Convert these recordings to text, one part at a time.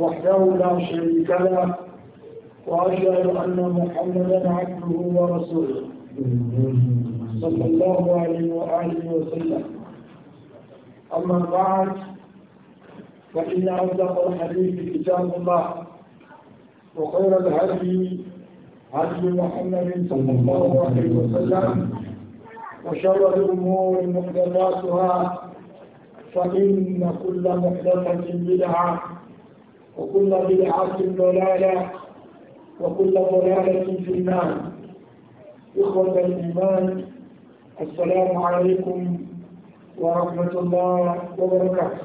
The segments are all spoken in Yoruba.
وحده لا شريك له وأشهد أن محمدا عبده ورسوله صلى الله عليه وآله وسلم أما بعد فإن أصدق الحديث كتاب الله وخير الهدي هدي محمد صلى الله عليه وسلم وشر الأمور محدثاتها فإن كل محدثة بدعة وكل بدعة ضلالة وكل ضلالة في النار إخوة الإيمان السلام عليكم ورحمة الله وبركاته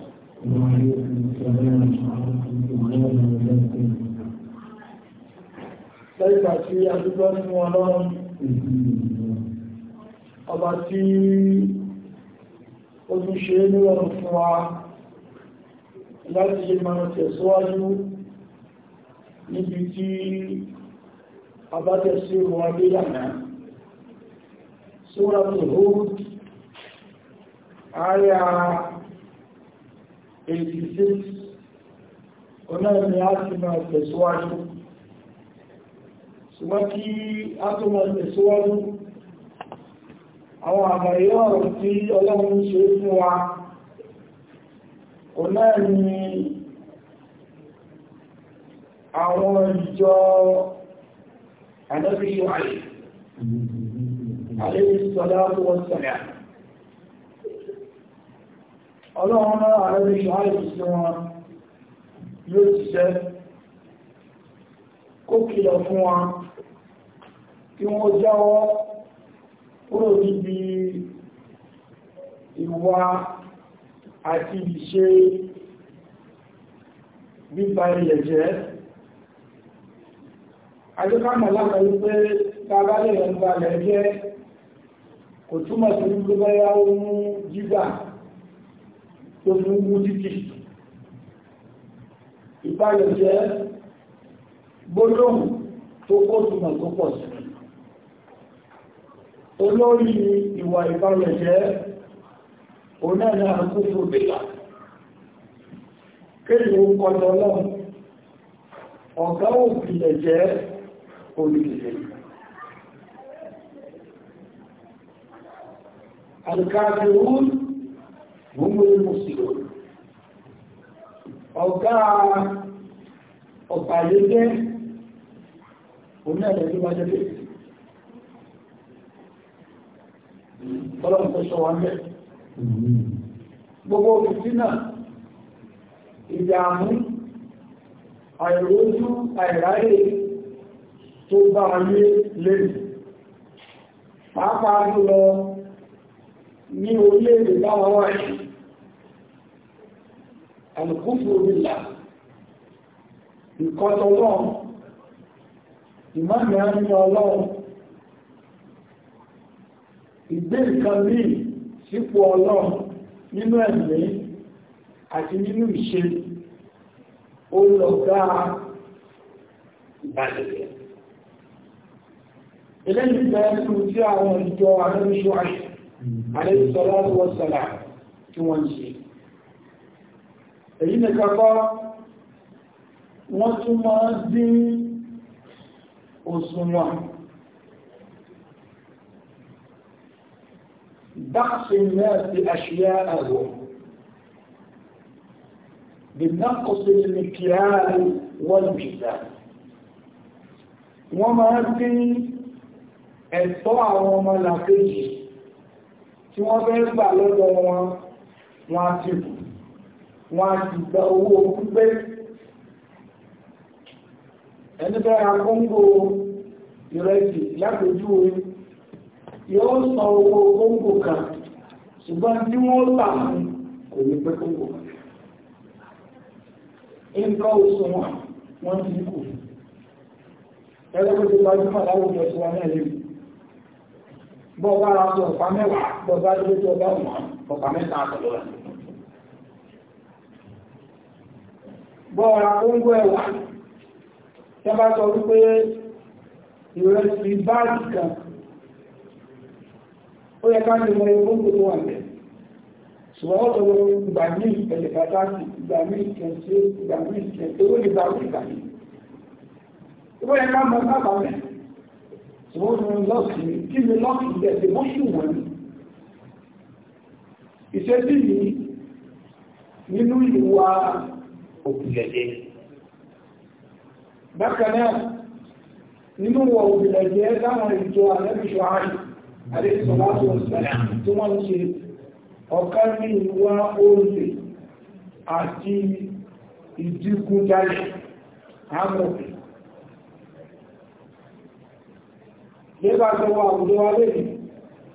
Lẹ́yìn àti àdúgbò ní wọn lọ́rùn, ọba tí ó tún ṣe ní ọdún fún wa láti lè máa tẹ̀síwájú níbi tí a bá tẹ̀sí wọn adéyànà Suratul Hud àyà 86 ọ̀nà ni a ti máa tẹ̀síwájú ṣùgbọ́n kí a tó máa tẹ̀síwájú àwọn àgbàyé tí ọlọ́run ṣe fún wa òun ni àwọn ìjọ ànábì wáyé àlébi sọlá tó ọlọ́run náà ànábì wáyé sí wọn yóò ṣiṣẹ́ kó kìlọ̀ fún wa kí wọ́n jáwọ́ kúrò níbi ìwà àti ìṣe bíba ilẹ̀ jẹ́ adékámọ̀ lápẹ̀ wípé tábálẹ̀ rẹ̀ ń balẹ̀ jẹ́ kò túmọ̀ sí wípé báyá ó mú jígbà tó mú mú títì ìbálẹ̀ jẹ́ gbólóhùn tó kó túmọ̀ tó pọ̀ sí olórí ìwà ìbálẹ̀ jẹ́ onáàlá akúrò bèèrè kéèrè ó kọjọ lọ́wọ́ ọ̀gá òbílẹ̀ jẹ́ olùdílé alkafirun múmúrí mùsùlùmí ọ̀gá ọ̀pàlẹ́gẹ́ onáàlá tó bá jẹ́ bèèrè Ọlọ́run tó ṣọ wa mẹ́rin gbogbo fìtínà ìdààmú àìrójú àìráyè tó bá ayé lẹ́nu pàápàá jùlọ ní orílẹ̀-èdè báwọn wáyé àlùkúfù orílà ìkọ́tọ̀lọ́run ìmọ̀mí ọlọ́run ìgbé nǹkan míì sípò ọlọ́run nínú ẹ̀mí àti nínú ìṣe ó lọ dáa ìbàlẹ̀ eléyìí bẹ́ẹ̀ tún tí àwọn ìjọ àrẹ́míṣọ́ àrẹ́sọ́lá wọ́sàlá tí wọ́n ṣe èyí nìkan kọ́ wọ́n tún máa dín òṣùwọ̀n بخص الناس أشياءهم بنقص المكيال والميزان وما في ẹ̀tọ́ àwọn ọmọ làkejì tí wọ́n bẹ́ gbà lọ́dọ̀ wọn wọn ti kù wọn ti gba owó pípé ẹni bẹ́ra kóńgò ìrẹsì lápòjú orí yóò san owó kóńgò kan ṣùgbọ́n tí wọ́n kò ní pẹ́ kan nǹkan oṣù wọn wọ́n ti kù ẹgbẹ́ tó gbajúmọ̀ láwùjọ tí wọ́n náà lébi bọ́ bá ra sọ ọ̀pá mẹ́wàá bọ́ bá tó bá wọn ọ̀pá mẹ́ta ó yẹ ká ti mọ ewu tó tó wà lẹ̀ ṣùgbọ́n ó lọ́wọ́ ìgbà ní ìpẹ̀lẹ̀ pàtàkì ìgbà ní ìkẹ̀ṣẹ́ ìgbà ní ìkẹ̀ṣẹ́ ó lè bá òun ìgbà ní. ó yẹ ká mọ sábà mẹ́ ṣùgbọ́n ó lọ sí kí ni lọ́ọ̀kì ilẹ̀ tí wọ́n sì wọ́n ní. ìṣesí yìí nínú ìwà òkùnlẹ̀jẹ́ bákan náà nínú ìwà òkùnlẹ̀jẹ́ táwọn ìjọ àlẹ́bíṣọ́ àárín àdéṣọ́láṣọ́ tí wọ́n ṣe ní ìwá oòrùn àti ìdíkúnjálẹ̀ àmọ̀bí lébà tọwọ́ àwùjọ wa lèdè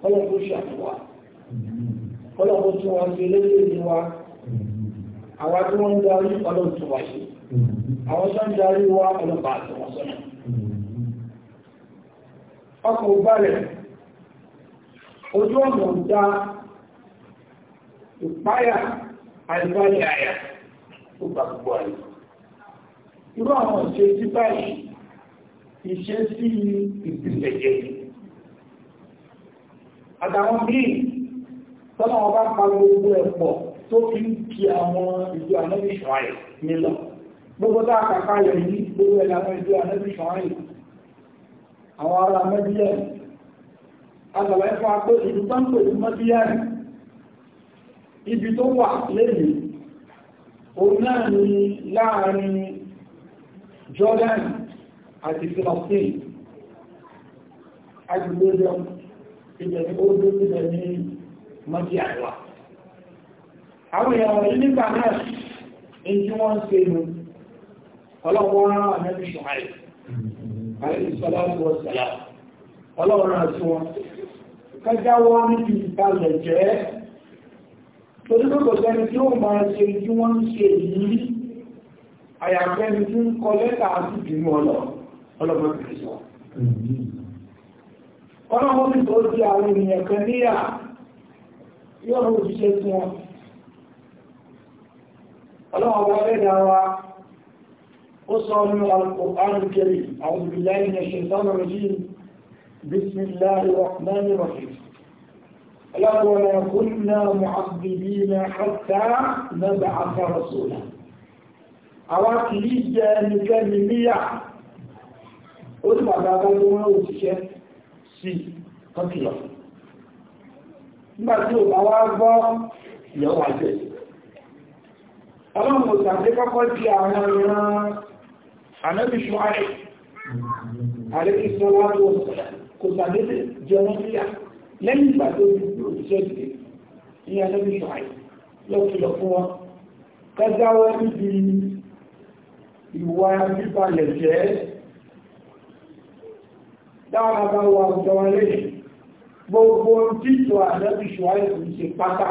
ọlọ́pọ̀ ṣàtọwà ọlọ́pọ̀ tí wọ́n ṣe lẹ́lẹ́lẹ́ wa àwọn tí wọ́n ń darí ọlọ́pọ̀ wọ́n ṣe ń ojú ọ̀nà ọ̀dá ìpáyà àìbáyà àyà tó gbà gbogbo àyè irú àwọn ìṣe sí báyìí ìṣe sí ìpìlẹ̀ jẹ́ àtàwọn bíi tọ́nà ọba pa gbogbo ẹ̀pọ̀ tó fi ń kí àwọn ìjọ anẹ́bìṣàn àyè nílọ gbogbo tá àkàkà yẹ̀ yìí gbogbo ẹ̀ làwọn ìjọ anẹ́bìṣàn àyè àwọn ará mẹ́bílẹ̀ àgbàlẹ̀ fún agbó ìlú tó ń pè ní ibi tó wà lẹ́yìn òun náà ni láàrin Jordan àti Philippine agbègbè ni ó dé ní mọ́bíyàrí wa àwọn èèyàn wọ̀nyí nígbà náà in tí wọ́n ṣe inú ọlọ́wọ́n àmẹ́bí ṣùgbọ́n àìsí ọlọ́wọ́n àti kájáwọ́ níbi ìbalẹ̀ jẹ́ torí lókò sẹ́ni tí ó máa ṣe tí wọ́n ń ṣe yìí àyàfẹ́ni tí ń kọ lẹ́tà àti ìdìmú ọlọ ọlọ́mọbìnrin sọ ọlọ́mọbìnrin tó di àwọn ènìyàn kan níyà yóò rò jíṣẹ́ tí wọn ọlọ́mọbìnrin ọlẹ́dà wa ó sọ nínú Al-Qur'an Al-Karim àwọn ìbìlẹ̀ ìyẹn بسم الله الرحمن الرحيم لقد وما كنا معذبين حتى نبعث رسولا àwọn kìí jẹ ẹnikẹ́ni níyà ó ti bàbá bá ló wọ́n òṣìṣẹ́ sí tọ́kìlọ̀ nígbàtí ò bá wá gbọ́ ìyọ́wà jẹ́ ọlọ́run òṣàdé kọ́kọ́ tí àwọn ìran ànẹ́bìṣọ́ àrẹ́ àrẹ́ ìṣọ́lá tó sọ̀rọ̀ kò sàdédé jẹ wọ́n sí à lẹ́yìn ìgbà tó ti gbé òṣìṣẹ́ ìdílé ní ẹlẹ́bí ṣàì lọ́kìlọ̀ fún wọn kájáwọ́ níbi ìwà bíbalẹ̀ jẹ́ dára bá wà ọjọ́ lẹ́yìn gbogbo títọ́ àlẹ́bí ṣàì kò ṣe pátá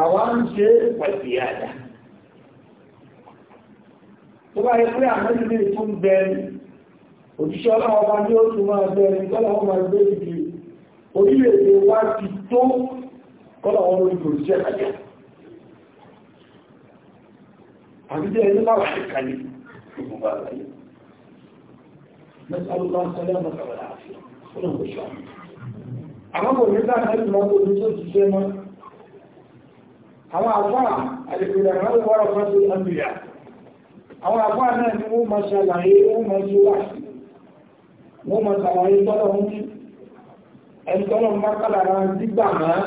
àwa ń ṣe pẹ̀lú àdá tó bá yẹ pé àmọ́jú lè tún bẹ́ẹ̀ òjíṣẹ́ ọlọ́wọ́ bá ní ó tún máa bẹ̀rẹ̀ tọ́lọ́wọ́ máa gbé ìdí orílẹ̀-èdè wá ti tó kọ́lọ̀wọ́ lórí òjíṣẹ́ àjá àbíjẹ́ ẹni máa wà kàlẹ̀ gbogbo bá láyé mẹ́sàlùmọ́ sọ́lọ́mọ́ sọ́lọ́mọ́ sọ́lọ́mọ́ sọ́lọ́mọ́ àwọn àfáà náà ni wọ́n máa ṣàlàyé wọ́n máa ṣe wáṣìí wọ́n mọ̀ sàwárí tọ́lọ̀ ń kí ẹni tọ́lọ̀ ń bá kàlára dígbà máa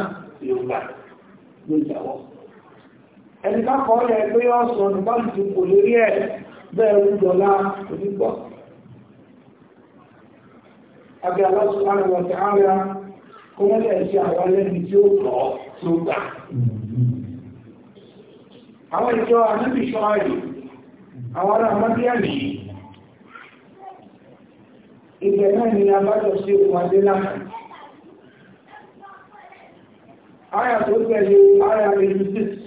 yóò gbà ló jàwọ́ ẹni kákọ́ rẹ̀ pé ọ̀sán nípa ti kò lórí ẹ̀ bẹ́ẹ̀ ń dọ̀la onígbọ̀ abẹ́ aláṣùpánu wọn ti ára kó wọ́n lè ṣe àwọn ẹlẹ́ni tí ó tọ̀ tí gbà àwọn ìjọ àdúgbò ìṣọ́ àyè àwọn ará amádíyà nìyí ìbẹ̀ náà ni abájọ sí ìwàdé láti آية تتلي آية 86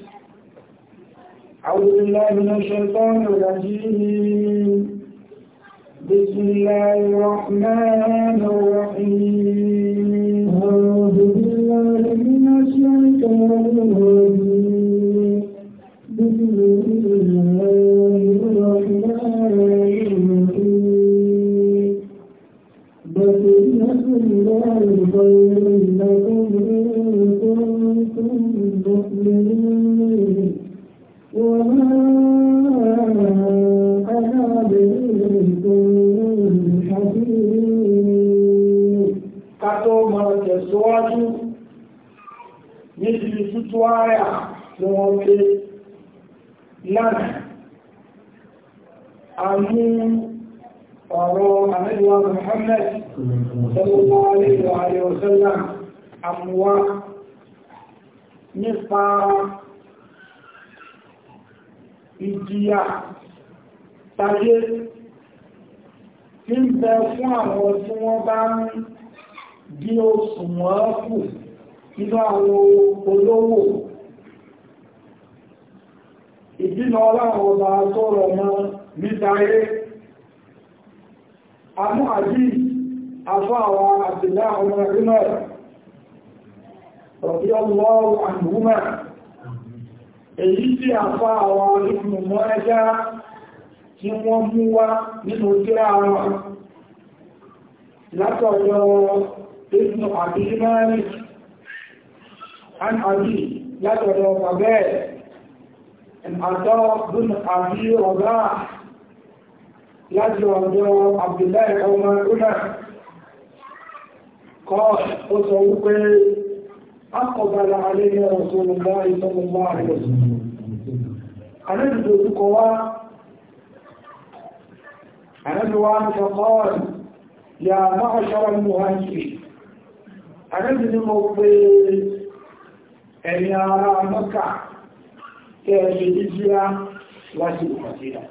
أعوذ بالله من الشيطان الرجيم بسم الله الرحمن الرحيم wípé náà a ọ̀rọ̀ àmẹ́lúwà Muhammad sallallahu alaihi wa sallam àmúwá nípa ìjìyà tayé tí ń bẹ fún àwọn tí wọ́n bá ń bí ó sùnmọ́ kù nínú àwọn olówó ìbínà ọlọ́run ọba sọ́rọ̀ mọ́ nítayé amú àjí afọ́ àwọn àtìlá ọmọ rímọ̀ rọ̀bí ọlọ́run àmúhúnmà èyí tí afọ́ àwọn ìfìmọ̀ ẹjá tí wọ́n mú wá nínú عطاء بن أبي رباح يدعو عبد عبد الله عمر عمر قال أصوبي أقبل عليه رسول الله صلى الله عليه وسلم أنا بقوة أنا بوان فقال يا معشر المهاجرين أنا بنمو أن يرى مكة kẹ́ẹ̀ṣe jíjíra láti ìpàtíra.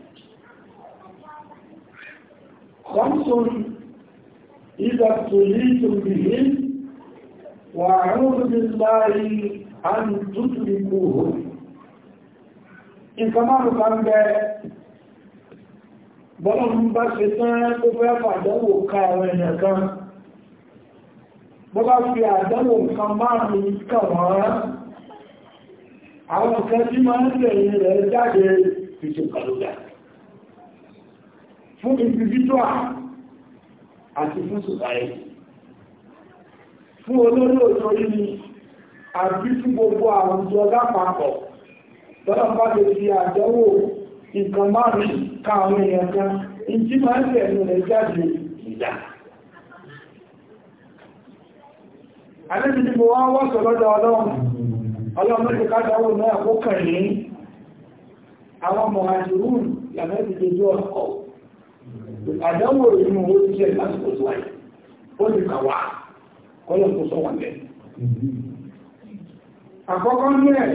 Kọ́nsùn ìdàtòlítò bìí wà rúrùbí láàrí an tútùrí kúrò. Ìkàmàrù kan bẹ bọ́lọ̀mù bá ṣe tán tó fẹ́ fàdánwò ká àwọn ènìyàn kan. Bọ́bá fi àdánwò kan márùn-ún kàwọn àwọn nǹkan tí máa ń tẹ̀yìn rẹ̀ jáde fìṣe kàlùdà fún individual àti fún society fún olórí otu ni àbí fún gbogbo àwùjọ lápapọ̀ tọ́lọ̀ bá lè fi àjọwò nǹkan márùn-ún káàrin èèyàn kan ìjí máa ń tẹ̀yìn rẹ̀ jáde ìjà Àlébìdìbò wá wọ́sọ̀ lọ́dọ̀ ọlọ́run ọlọ́run ti kájáwò náà kó kàn ní àwọn ọmọ àjòrún lànà ìdíjú ọkọ̀ àdánwò ìrìnà ó ti jẹ́ lásìkò tó wáyé ó ti kà wá kọ́lọ̀ tó sọ wà lẹ́ àkọ́kọ́ nílẹ̀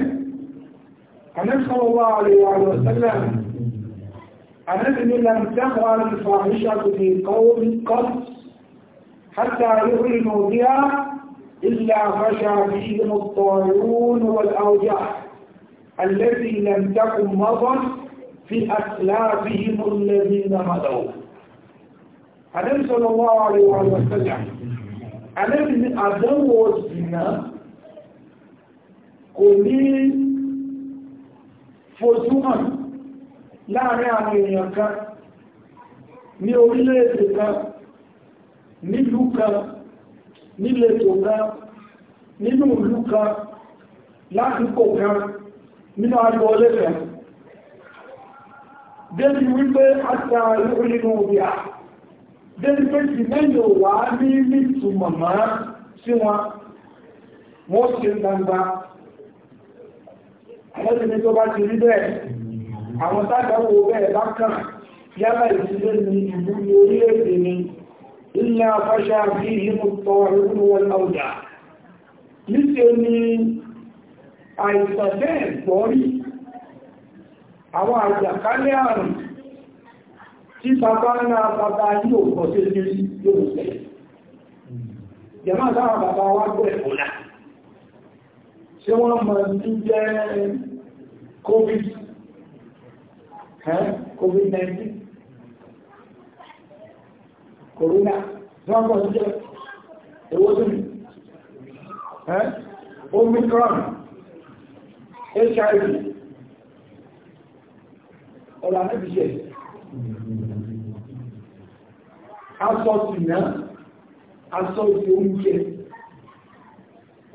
anẹ́sọ̀wọ́ àríwá rẹ̀ sẹ́lẹ̀ anẹ́sìnlẹ̀ ìjẹ́kọ̀ọ́ àrífà ìṣàkùnrin kọ́ إلا فشى فيهم الطاعون والأوجاع التي لم تكن مضت في أسلافهم الذين مضوا النبي صلى الله عليه وسلم أنا من أدم وزنا kò ní لا نعم ينكر èèyàn kan ní orílẹ̀-èdè kan nílé tó ká nínú ìlú kan lásìkò kan nínú agbó ọlẹ́fẹ̀ débi wípé àtà ìlú nínú òbí à débi pé sì mẹ́yìn òwà ní nítùmọ̀ mọ́ sí wọn wọ́n ṣe gbangba àwọn tó bá ti rí bẹ́ẹ̀ àwọn tágbàwò bẹ́ẹ̀ bá kàn yálà ìdílé ni ìlú ni orílẹ̀-èdè ni ilẹ̀ afẹ́ṣà bí ìlúmùtọ̀ ìrúnú wọn ụda níṣẹ́ ni àìsàn bẹ́ẹ̀ gbọ́rí àwọn àjàkálẹ̀ tí bàbá náà bàbá yóò kọ́ sí ní yóò sẹ́ jẹ́mọ́ sáwọn covid-19 kòrónà lọ́pọ̀ tó jẹ́ owó tó ní omicron hiv ọ̀là níbi jẹ́ aṣọ ìná aṣọ ìfẹ́ oúnjẹ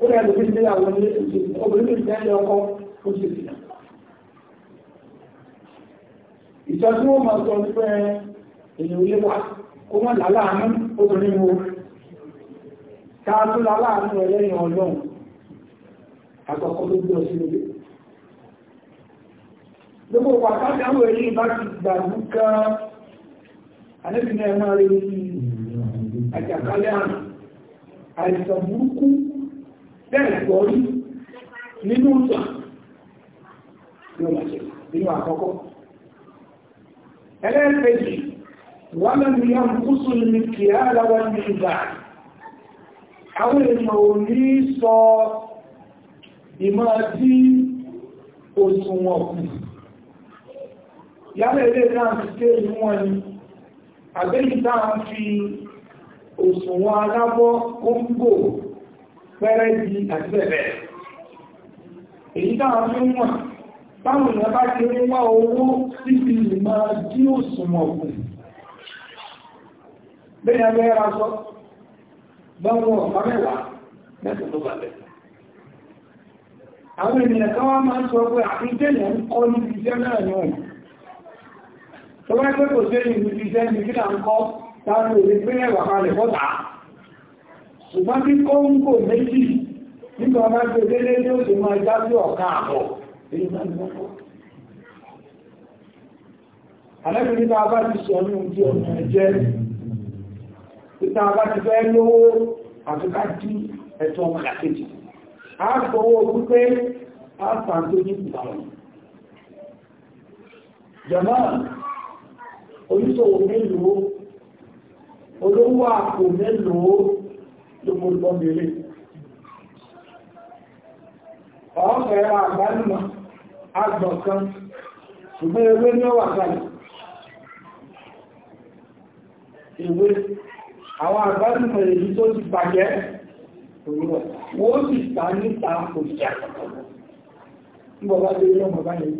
ó rẹ̀ lórí ilé àwọn ilé obìnrin tó jẹ́ ọkọ̀ ó ṣe ìná ìtọ́jú wọn máa sọ nípa èèyàn ilé wà kó mọ́ láláàánú obìnrin wo káà tó láláàánú ẹlẹ́yìn ọlọ́run àkọ́kọ́ ló gbọ́ sí ilé gbogbo pàtàkì àwọn èyí bá ti gbàgbú kan anẹ́bìnrin ẹ̀mọ́ rẹ̀ ní àjàkálẹ̀ àrùn àìsàn burúkú bẹ́ẹ̀ gbọ́rí nínú ìtàn yóò máa ṣe nínú àkọ́kọ́ ẹlẹ́ẹ̀kejì wọ́n ni yàn kúsù ní kí á lọ́wọ́ ní ìgbà àwọn èèyàn ò ní sọ ìmọ̀ tí òṣùwọ̀n kù yálẹ̀ ilé náà ti tẹ́ ìlú wọn ni àbẹ́yìn náà fi òṣùwọ̀n alábọ́ kóngò pẹ́rẹ́ di àtìbẹ̀bẹ̀ èyí náà fi wọ́n báwọn ìyàn ti rí wá owó síbi ìmọ̀ tí òṣùwọ̀n kù bẹ́ẹ̀ ẹgbẹ́ ẹra sọ lọ́wọ́ ọ̀pá mẹ́sàn tó bàlẹ̀ àwọn ènìyàn kan máa ń sọ pé àfíjẹ́ ń kọ́ níbi iṣẹ́ náà tó wá pé kò iṣẹ́ ní ń kọ́ láti pé títà bá ti fẹ́ lówó àtúká dí ẹ̀tọ́ ọmọlàkejì a gbọ́wọ́ wípé a fàn tó ní ìbàwọ̀ jẹ̀mọ́ oníṣòwò mélòó olówó àpò mélòó ló mú lọ́mìnrin ọ̀fẹ́ àgbálùmọ̀ agbọ̀kan ṣùgbọ́n ewé ní ọwà kalẹ̀ ewé àwọn àgbásùnmọ̀ èyí tó ti bàjẹ́ wọ́n sì ta níta kò jà nígbọ̀bá tó yẹ́ ọmọ báyìí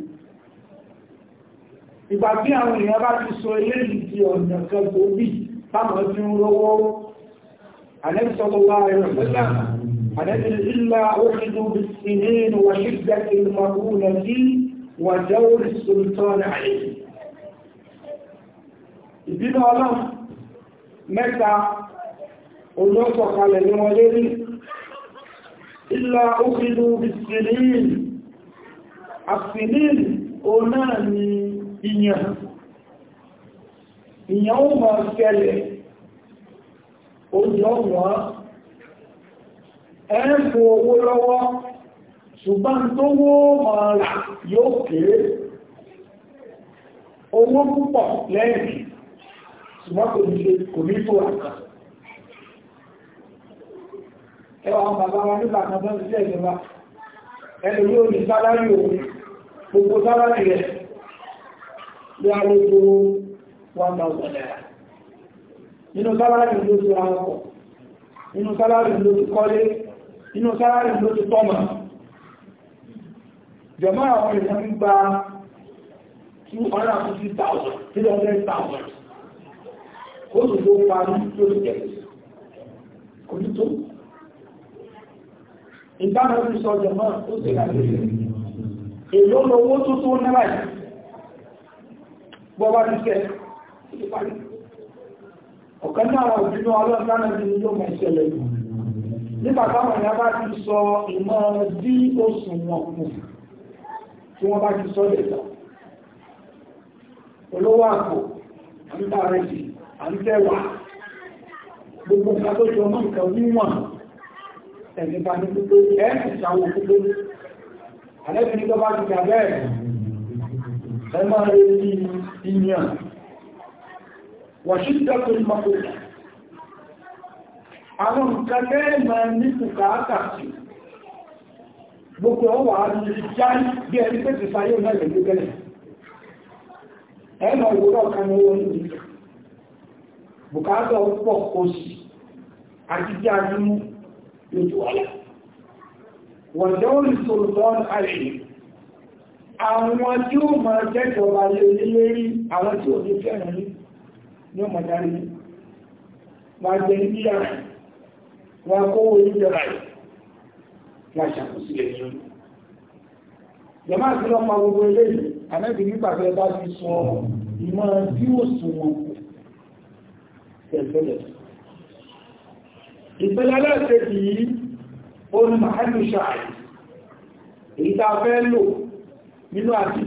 ìgbà tí àwọn èèyàn bá ti sọ eléyìí di ọ̀nà kan gbòógì táwọn ti ń rọwọ́ ìbínú ọlọ́run mẹ́ta olóṣọ̀kalẹ̀ ní wọn lérí ìlà òkìlú bìsìlìl àsìlìl o náà ni ìyàn ìyàn ó mọ̀ ṣẹlẹ̀ òjò wọ́n ẹ̀ẹ́fò owó lọ́wọ́ ṣùgbọ́n tó wó mọ̀ rà yóò kéré owó púpọ̀ lẹ́yìn ṣùgbọ́n kò ní ṣe kò ní tó àkà ẹwà àwọn bàbá wa nígbà kan tó ń ṣe ìjọba ẹni yóò ní sálárì òun gbogbo sálárì rẹ̀ bí a lè tó 1000 naira nínú sálárì ló ti ra ọkọ̀ nínú sálárì ló ti kọ́lé nínú sálárì ló ti tọ́mà jọmọ́ àwọn ìsàmígbà 250,000 300,000 ó sì tó parí tó sì jẹ́ kò ní tó ìbára ń sọ jọmọ́ ó sì rà lórí èlò lówó tó tó náà yìí bọ́bá ti kẹ́ sí parí ọ̀kan náà wà jùlọ ọlọ́ọ̀tánà ti ní yóò máa ṣẹlẹ̀ nígbà táwọn ìyá bá ti sọ ìmọ̀ dí oṣù wọn kù tí wọ́n bá ti sọ lẹ́tọ̀ olówó àpò nígbà rẹ̀ sí àríkẹwà gbogbo ìgbàlójọ mọ́ nǹkan wíwọ̀n ẹ̀nìbà ní gbogbo ẹ̀ẹ́sì àwọn gbogbo alẹ́bí ní tọ́bá ti gàbẹ́ ẹ máa rẹ̀ ní ìyàn wàṣíkà tó ní mọ́kò àwọn nǹkan lẹ́ẹ̀mà ní kùkàákà sí gbogbo ọwà àti jáì bí ẹni pẹ̀sì sáyé náà lè gbẹ́gẹ́lẹ̀ ẹ̀mà ìwòrán kan ní owó ní ìjọ bùkátà ó pọ̀ kó sí àti tí a ní mú lójú ọ̀la wọ́n jẹ́ olùsọ̀rọ̀ àìyí àwọn tí ó máa jẹ́jọba lè lérí àwọn tí ò ní fẹ́ràn ní ní ọmọ darí ní wọ́n jẹ́ ní ààrẹ wọ́n kówó ìjọra rẹ̀ wọ́n ṣàkósílẹ̀ ní jẹ́má sí ọmọ gbogbo eléyìí anẹ́bì nígbàgbẹ́ tẹ̀lẹ̀tẹ̀lẹ̀. ìpínlẹ̀ kejì yìí ó ní mahalu ṣáàì èyí tá a fẹ́ lò nínú àti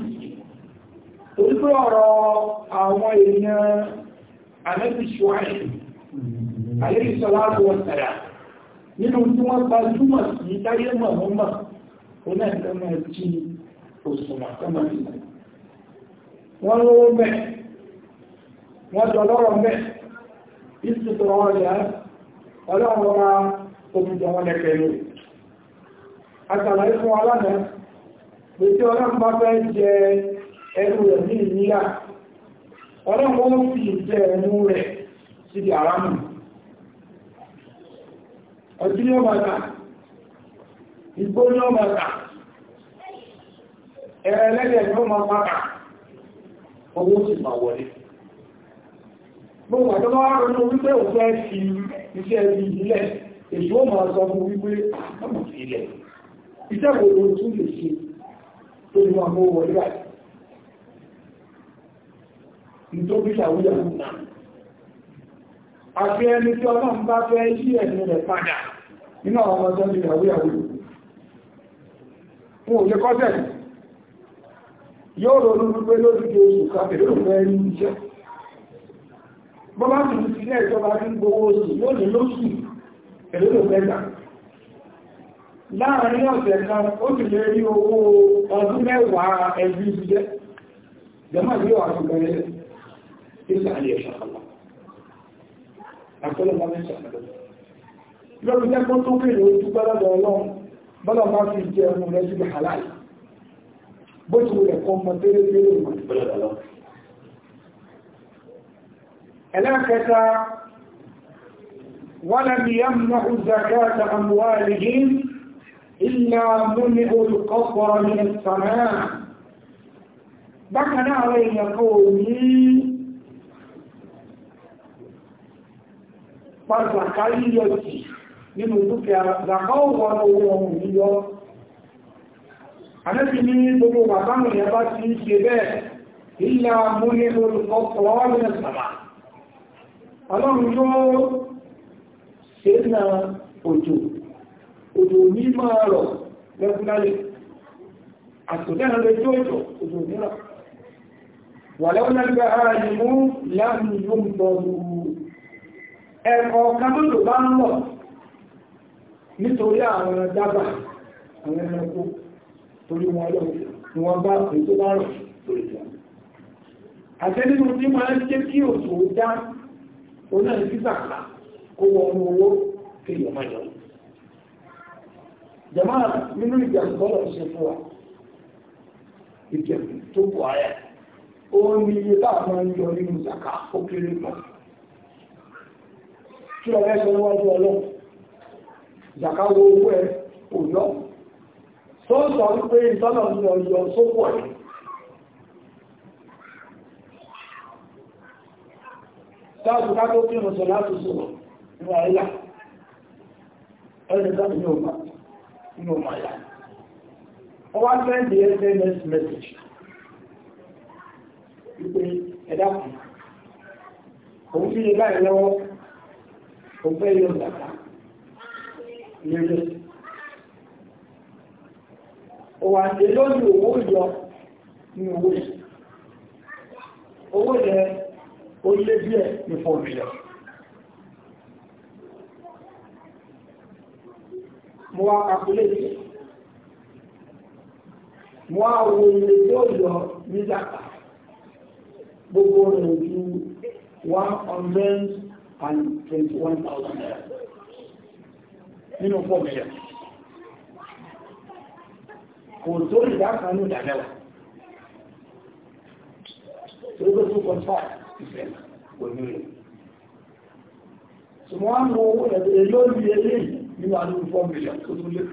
torí pé ọ̀rọ̀ àwọn èèyàn anẹ́bí ṣáàì àyẹ́bí sọlá wọn tẹ̀lá nínú tí wọ́n gba túmọ̀ sí táyé mọ̀ mọ́ onáìsẹ́mọ̀ mẹ́ ìsìnkú ọjà ọlọ́wọ́ra omijọ wọn lẹ́kẹ̀ẹ́lú àtàlàyé fún ọlọ́nà pèsè ọlọ́pàá fẹ́ jẹ ẹrù rẹ̀ ní ìníyà ọlọ́pàá ó fi jẹ ẹnu rẹ̀ síbi àrámù ọtí ní ọmọta ìgbó ní ọmọta ẹ̀rẹ́lẹ́gẹ̀ẹ́ ní gbogbo àjọba wá ronú wípé ò fẹ́ fi iṣẹ́ ibi ìlẹ̀ èṣù ó máa sọ fún wípé ọmọ ìlẹ̀ iṣẹ́ wo ló tún lè ṣe tó ní wọn mú wọlé àti nítorí ṣàwúyàwó àti ẹni tí ọlọ́run bá fẹ́ ẹ̀mí rẹ̀ padà nínú àwọn ọmọ tó ń fún òye kọ́sẹ̀ yóò ronú wípé lórí oṣù bọ́bá mi ti sílẹ̀ ìjọba ní gbogbo oṣù lónìí lóṣù pẹ̀lú òfẹ́gbà láàrin ọ̀sẹ̀ kan ó sì lè rí owó ọdún mẹ́wàá ẹgbí jíjẹ́ jẹ́mà yóò àtúgbẹ̀rẹ̀ ìsàlẹ̀ ìṣàkọlọ̀ àtọ́lọ́pàá mẹ́sàn-án lọ́pẹ́ jẹ́ kó tó kèrè ojú gbọ́lọ́dọ̀ ọlọ́run bọ́lọ̀ máa fi jẹ ọmọ rẹ̀ sí ثلاثة ولم يمنع زكاة أموالهم إلا منع القصر من السماء بكنا علي قومي فرض خليتي من ذكى زقوا ورؤوهم هي أنا سمي بطوبة يا بس في إلا منع القصر من السماء ọlọ́run yóò ṣe na òjò òjò ní máa rọ̀ lẹ́gbùnálẹ̀ àtòdẹ́rẹ̀ lè jó òjò òjò mìíràn wà lẹ́wọ́n lẹ́gbẹ̀ ara ni mú láàrin yóò ń bọ̀ ẹ̀kọ́ kanúlò bá ń lọ nítorí àwọn dábà àwọn ẹranko torí wọn lọ ni wọ́n bá èyí tó bá rọ̀ lórí ìjọba àtẹ́lẹ́nu tí máa ń jẹ́ kí òjò dá òun náà ní fífà kà kó wọ ọmọ owó kéèyàn máa yọ. jama nínú ìjàmbọ́lọ̀ ṣe fún wa ìjẹ̀bù tó bọ̀ ayà ó ní iye tá a máa ń yọ nínú ìjàkà ó kéré mọ́ kí ọ̀rẹ́ sọ níwájú ọlọ́run ìjàkà wo owó ẹ òyọ́ tó wípé ìtọ́nà ń lọ yọ sókò ẹ̀ táàbù ká tó kí ìrọ̀sọ̀ láti sọ ìwà ẹ̀yà ẹ̀rẹ̀dá ní ọmọ ní ọmọ ẹ̀yà ọ wá sẹ́ndì sms message wípé ẹ̀dá kù òun fi yẹ báyìí lọ́wọ́ òun fẹ́ yọ ìdàkà lérè òun àti lórí owó ìjọ ní owó yẹn owó yẹn ó lé díẹ̀ ní 4 million mo wá calculate mo wá wo ilé tí ó yọ ní dàkà gbogbo rẹ̀ ju 121,000 naira nínú 4 million kò tó ìdá kan ní ìdàmẹ́wàá. Tó ló tó ìfẹ́ pẹ̀lú rẹ̀. Sọ wọ́n mú owó ẹ̀bẹ̀rẹ̀ lórí ilé ní wà ní 4 million tó tún lé.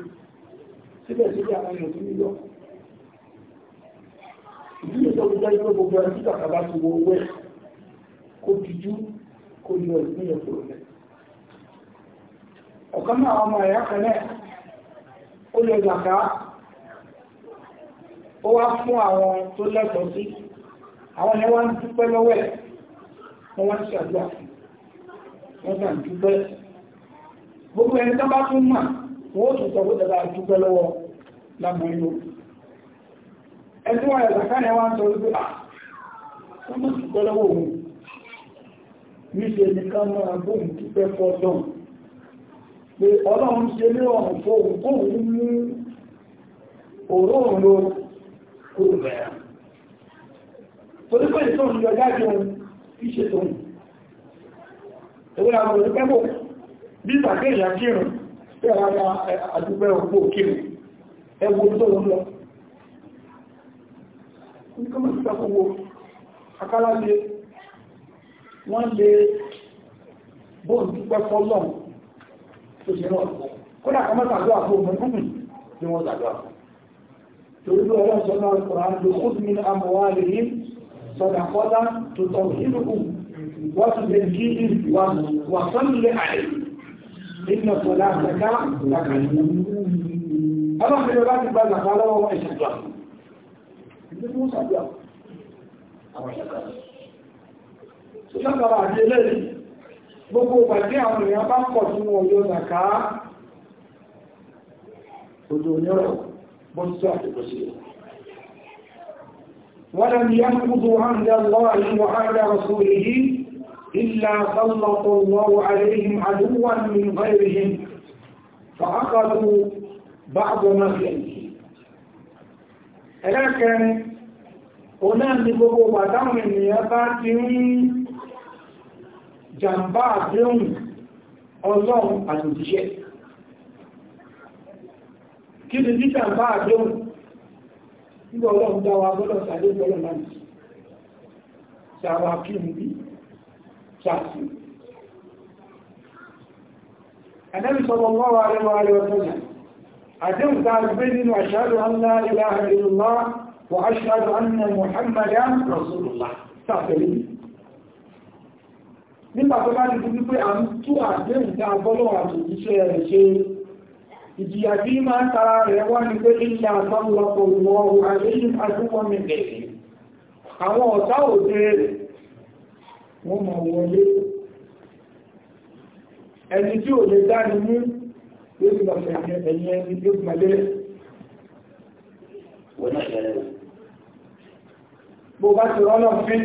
Síbẹ̀síbẹ̀ àwọn èèyàn tó nílọ. Ìdílé tó gbogbo ẹgbẹ́ gbogbo ẹni tí kàkà bá ti wo owó ẹ̀ kó tijú kó yọ ìpínlẹ̀ kúrò lẹ̀. Ọ̀kan náà ọmọ ẹ̀yà kan náà ó lè gbàgbá ó wá fún àwọn tó lẹ́tọ̀ọ́ sí àwọn ẹ̀wọ̀n dúpẹ́ lọ́wọ́ ẹ̀ wọ́n wá ń ṣàdúrà wọ́n gbà ń dúpẹ́ gbogbo ẹni tó bá tún mà wọ́n ó tún sọ pé dada dúpẹ́ lọ́wọ́ lámọ̀ inú ẹni wọ́n yẹ̀ zaka wá ń sọ wípé à ah, wọ́n mọ̀ dúpẹ́ lọ́wọ́ òun níṣẹ́ ṣe ní ọ̀rùn fóun kóun mú òróòrùn lórí kúrò bẹ̀rẹ̀ torí pé kí ṣe tó mù ewé àwọn olùkẹ́bọ̀ bí ìtàkẹ́ ìyà kírùn tí a rárá àdúgbẹ́ òpó kírùn ẹwọ tó ń lọ nǹkan mọ̀ sí akálá lè wọ́n lè bóòn dúpẹ́ fọ́lọ́n tó ṣe náà kódà kọmọ́ tàbí àpò mọ̀kúnmù ni wọ́n tàbí àpò torí bí ọlọ́sọ́nà ọkùnrin ló kó صدقة تطهره وتزكيه وصل عليه إن صلاتك تكلم أما في الوقت بعد قال وهو إشهد Ṣọ́kọ̀rọ̀ àti eléyìí, gbogbo pàtí àwọn èèyàn bá pọ̀ tí wọ́n yóò zàká, òjò ní ọ̀rọ̀, bọ́n tí ó àti bọ́sí rẹ̀. ولم ينقضوا عهد الله وعهد رسوله إلا سلط الله عليهم عدوا من غيرهم فأخذوا بعض مخيله ẹlẹ́kẹrin òun náà ní gbogbo bàtàwọn ènìyàn bá ti ń jàmbá àdéhùn ni nígbà ọlọ́run dá wa gbọ́dọ̀ sàdé gbọ́dọ̀ láti sàwà kí n bí sàtì ẹ̀nẹ́bí sọ wọn wọ́wọ́ arẹwà arẹwà tọ́nà àdéhùn tá a gbé nínú ashhadu an la ilaha illallah wa ashhadu anna muhammadan rasulullah sàfẹ́lẹ́ ìjìyà bí máa tara rẹ̀ wá ní pé ilẹ̀ àtọ́lọpọ̀ wọ́wọ́ àríyìn àtúwọ́ mẹ́gbẹ̀ẹ́ àwọn ọ̀tá òde wọ́n ma wọlé ẹni tí ò lè dáni mú yóò ti lọ́pẹ̀ ẹ̀yẹ ẹni tí ó ti mọ̀lé bó bá ti rọ́lọ́ fín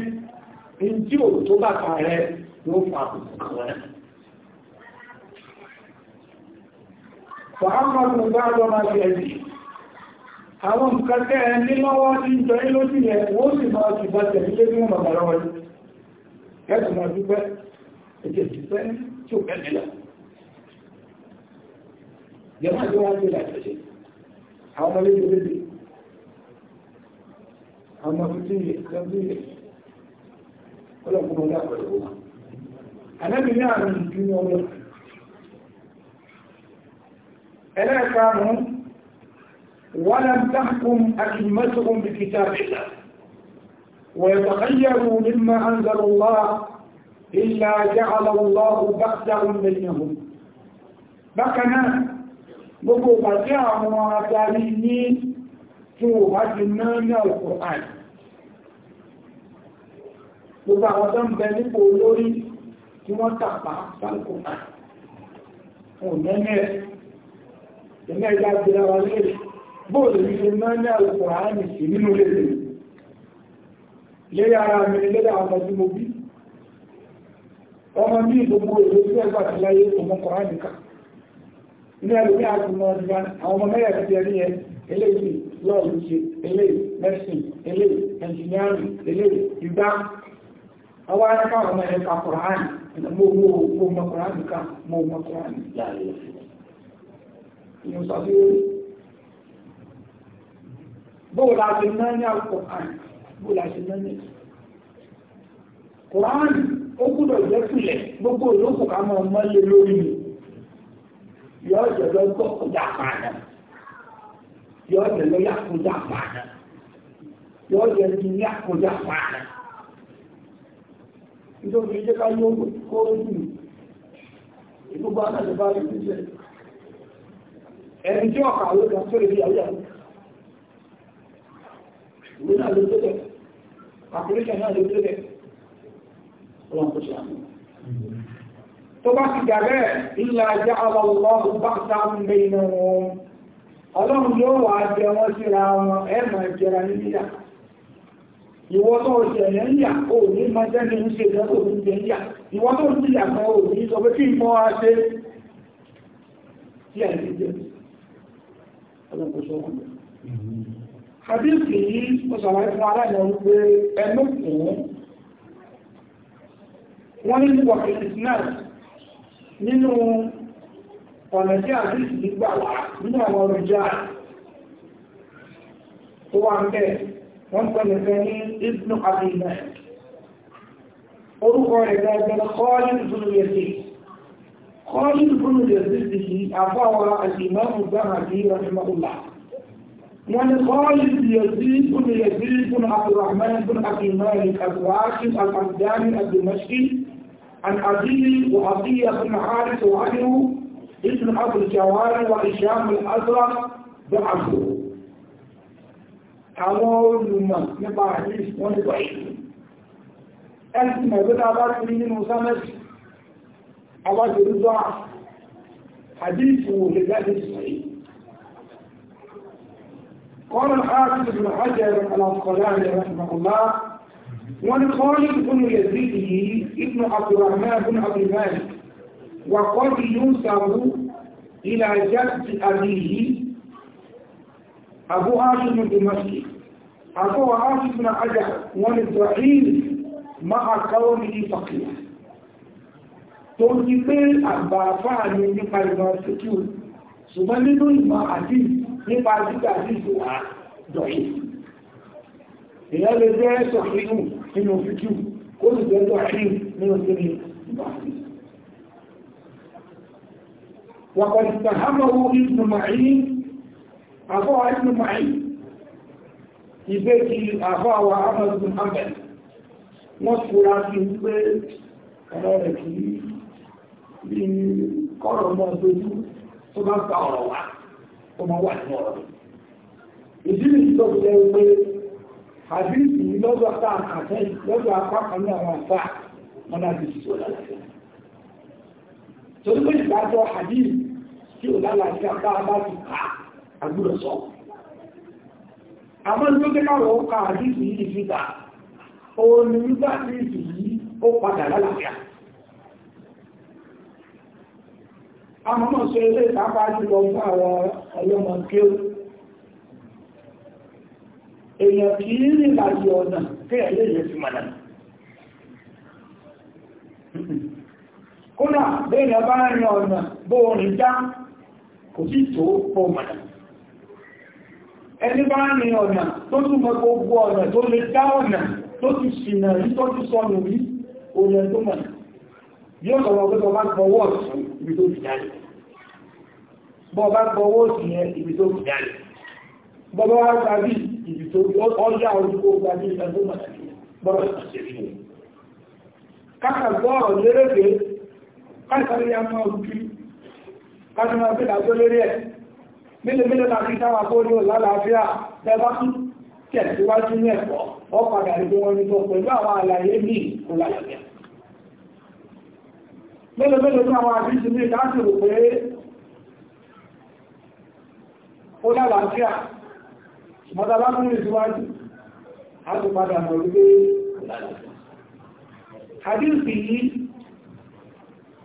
ní tí ò tó bàtà rẹ̀ yóò fà fàámàtún bá lọ máa fi ẹ̀dì àwọn nǹkan tẹ́ ẹ nílọ́wọ́ tí ń jọ iló sí ẹ̀ wọ́n sì máa ti bá tẹ̀lé lé ní ọmọ ọ̀rọ̀ rẹ̀ ẹ̀sùn máa dúpẹ́ ẹ̀jẹ̀ dúpẹ́ tí ó kẹ́ nílẹ̀ jẹ́mọ́ tí wọ́n ti làjọ̀ṣẹ́ àwọn ọmọ lédè الا كانوا ولم تحكم اكمتهم بكتاب الله ويتغيروا مما انزل الله الا جعل الله بخسهم بينهم بكنا بكو فاتيا مواتاريني تو هجنانا القران gbogbo àwọn tó ń bẹ nípò olórin tí wọ́n tàpá sáàkùnkùn ọ̀nẹ́mẹ́ ìmọ̀ ìlà ìgbéra wa lè bóòlù ní ṣe máa ní àlùkò àánì sí nínú lèrè lérí ara mi ní lérí àwọn ọmọdé mo bí ọmọ ní gbogbo èdè tí ẹgbà ti láyé ọmọ kọ̀ránì ká ní ẹlòmí àtúmọ̀ ọdún àwọn ọmọ mẹ́rẹ̀ ti ẹrí yẹn eléyìí lọ́ọ̀lù ṣe eléyìí mẹ́sìn eléyìí ẹnjìnírìn eléyìí ìgbà àwọn arákà ọmọ mo mọ mo mọ èèyàn sọ pé bóò la ṣe ná ní kan bóò la ṣe ná ní. kùránì ó gbúdọ̀ jẹ́ sílẹ̀ gbogbo olóko ká máa mọ́lé lórí mi yọ gbọ́ kọjá yọ yà kọjá yọ yà kọjá nítorí yóò kó ti ẹni tí ọkà ló kan tó lè fi àwùjọ ìwé náà ló tó tẹ àpòlíṣàn náà ló tó tẹ ọlọ́run kò ṣe àmì tó bá ti gà bẹ́ẹ̀ ilẹ̀ ajá ọlọ́run bá sá ń bẹ wọn jẹ wọn síra wọn ẹ jẹra ní níyà ìwọ tó o ṣe ẹ̀yẹ níyà o ní jẹ́ ní ṣe Àdíkì yìí, mo sàlàyé fún aláìlẹ̀ wípé ẹnu fún wọ́n ní wọ̀ ìsìnàì nínú ọ̀nà tí àdíkì yìí gbà wà nínú àwọn ọ̀rọ̀já tó wà ń bẹ̀ wọ́n pẹ̀lẹ̀ fẹ́ ní ìbùnú àbìnà. Orúkọ rẹ̀ gbẹ̀rẹ̀ kọ́ خالد بن يزيد أفاوى الإمام الذهبي رحمه الله يعني خالد يزيد بن يزيد بن عبد الرحمن بن أبي مالك الراشد الأمداني الدمشقي عن أبيه وأبي بن حارث وأبيه ابن أبو الجواري وهشام الأزرق ضعفه àwọn olùmọ̀ nípa àdìs wọ́n ti bọ̀ ẹ̀sìn ẹ̀sìn ẹ̀gbẹ́ta bá ti alágbèrúgbà àdífò lè jáde sọ̀rọ̀ قال الحافظ بن حجر على العسقلاني رحمه الله ولخالد بن يزيد ابن عبد الرحمن بن أبي مالك وقد ينسب إلى جد أبيه أبو هاشم بن دمشق أبو هاشم بن حجر وللضعيف مع قومه فقير tó ń di pé àgbà àfáà ní nípa ìmọ̀ síkú ṣùgbọ́n nínú ìmọ̀ àti nípa títà síkú à dọ̀yí èyàn lè jẹ́ sọ̀fíìmù nínú síkú kó sì jẹ́ dọ̀yí nínú síkú وقد اتهمه ابن معين أخوه ابن معين ìgbéjì àfáwà ahmed muhammed wọ́n fúra sí wípé ọ̀rọ̀ rẹ̀ kìí bí kọ́rọ̀ mọ́ dojú tó bá gba ọ̀rọ̀ wá tó máa wà ní ọ̀rọ̀ ìdí nìyí tó fi lẹ́yìn pé lọ́dọ̀ tá a lọ́dọ̀ apá àwọn ó yìí òun yìí ó padà amọ́mọ́ sọ ilé ìtàpá jùlọ fún àwọn ọlọ́mọ kí ó èèyàn kì í rí ìlàjì ọ̀nà kí ẹ̀ lè fi mọ̀nà kódà bẹ́ẹ̀yàn bá rìn ọ̀nà bó rìn já kò sí tó pọ̀ mọ̀nà ẹni bá rìn ọ̀nà tó tún mọ gbogbo ọ̀nà tó lè dá ọ̀nà tó ti ṣìnà yóò sọ wọn pé bọ́ bá gbọ́wọ́ ọ̀sán ibi tó fi jáde bọ́ bá gbọ́wọ́ òsì yẹn ibi tó fi jáde bọ́ bá wá gbàbí ibi tó ọjà orúkọ gbàbí ẹgbẹ́ mọ̀tàkì bọ́rọ̀ ìpàṣẹ́rí wọn káàkà gbọ́ọ̀rọ̀ lérèfé káàkiri àmọ́ òkú káàkiri àti ìdájọ́ lérí ẹ̀ mílẹ̀mílẹ̀ láti táwà kó ní òlàlàáfíà tẹ́bá tún tẹ̀síwájú ní ẹ̀kọ́ ọ padà rí wọn ní tó pẹ̀lú àwọn àlàyé ní òlàlàáfíà mẹ́lẹ̀mẹ́lẹ̀ ní àwọn àdíjì ní ìdájì rò pé ó lálàáfíà mọ́ta bá mú ìsíwájú a ti padà mọ̀ wípé àdíjì yìí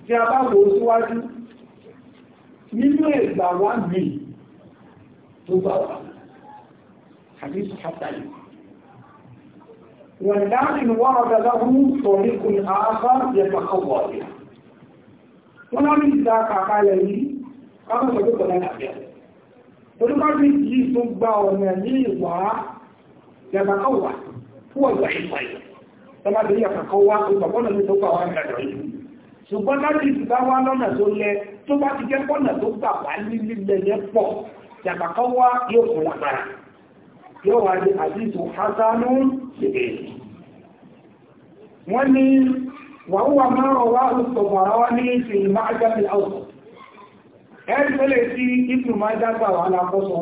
tí a bá wò síwájú nínú ẹ̀gbà wá mí tó bá wà àdíjì hátàlì والذين ورد له طريق آخر يتخوى بها wọ́n lábí ìdá kàkàlẹ̀ yìí kábàtọ̀ tó kọ̀lá àbíà olùkọ́bí yìí tún gba ọ̀nà ní ìwà yàtàkọ́wà fún ọ̀gbà ìwà yìí tọ́lá bí yàtàkọ́wà olùkọ́bọ́nà ní tó gbà wá nígbà yìí ṣùgbọ́n lábí ìdá wá lọ́nà tó lẹ tó bá ti jẹ́ pọ́nà tó gbà wá nílẹ̀ yẹn pọ̀ yàtàkọ́wà yóò kún lágbára yóò wá di àdìsù hasanu ṣèbèrè wọ́n ní وهو ما رواه الطبراني في المعجم الأوسط ẹ̀rẹ́sẹ̀lẹ̀ tí ìpù máa dáta wà alákọ́sọ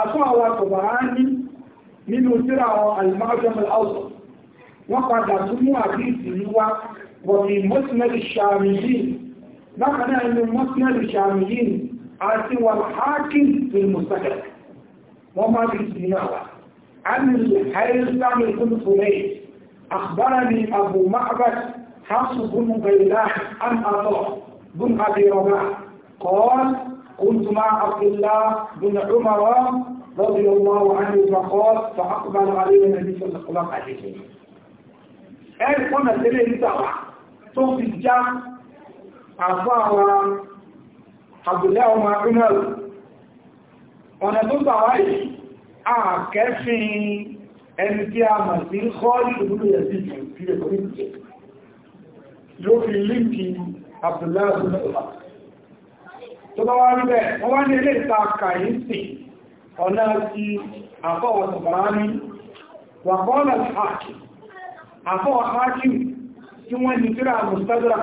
àtún àwọn tọ̀bàrání nínú síra àwọn al-Mu'jam al-Awsat wọ́n padà tún mú àbíìsì níwá wọ̀bí mọ́sílẹ̀lì sàmìyí lákanáà inú mọ́sílẹ̀lì sàmìyí àti wà hákìn tí أخبرني أبو معبد حفص بن بيلاح عن عطاء بن ابي رباح قال كنت مع عبد الله بن عمر رضي الله عنه فقال فاقبل علينا النبي صلى الله عليه وسلم ẹ̀rì pọ́nà tẹ́lẹ̀ ìtàwà tó fi já àfáàwà àbúlé ọmọ akúnmọ̀lù ọ̀nà tó tàwà yìí àkẹ́fin ẹni tí a mọ̀ sí kọ́ ìlú ẹ̀sìn ìpínlẹ̀ orílẹ̀-èdè ló fi líǹkì Abdullahi tó bá wá rí bẹ́ẹ̀ wọ́n wá ní ilé ìta kàyíǹsì ọ̀nà ti àfọwọ̀ sọ̀bàrání wà bọ́ọ̀lá àkì àfọwọ̀ ákì tí wọ́n ni tíra mùsùlùmí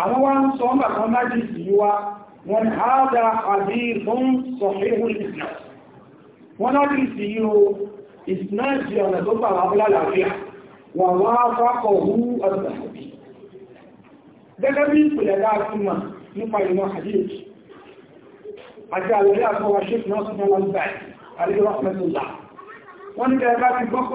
àwọn wá ń sọ ọ́nà kan láti ìyíwá wọn hádá àdíhùn sọ̀híhùn ìsìnà wọ́n láti ìsìnyí o ìsìnà ìjì ọ̀nà tó gbà wà wà wá fákọ̀ hú gẹ́gẹ́ bí ìpìlẹ̀ dáàtúmà nípa ìmọ̀ hadith àti àlẹ́lẹ́ àkọwà sheik nọ́sùn alábàá àlẹ́lẹ́ rahmatullah wọ́n ní gẹ́gẹ́ láti gbọ́ tí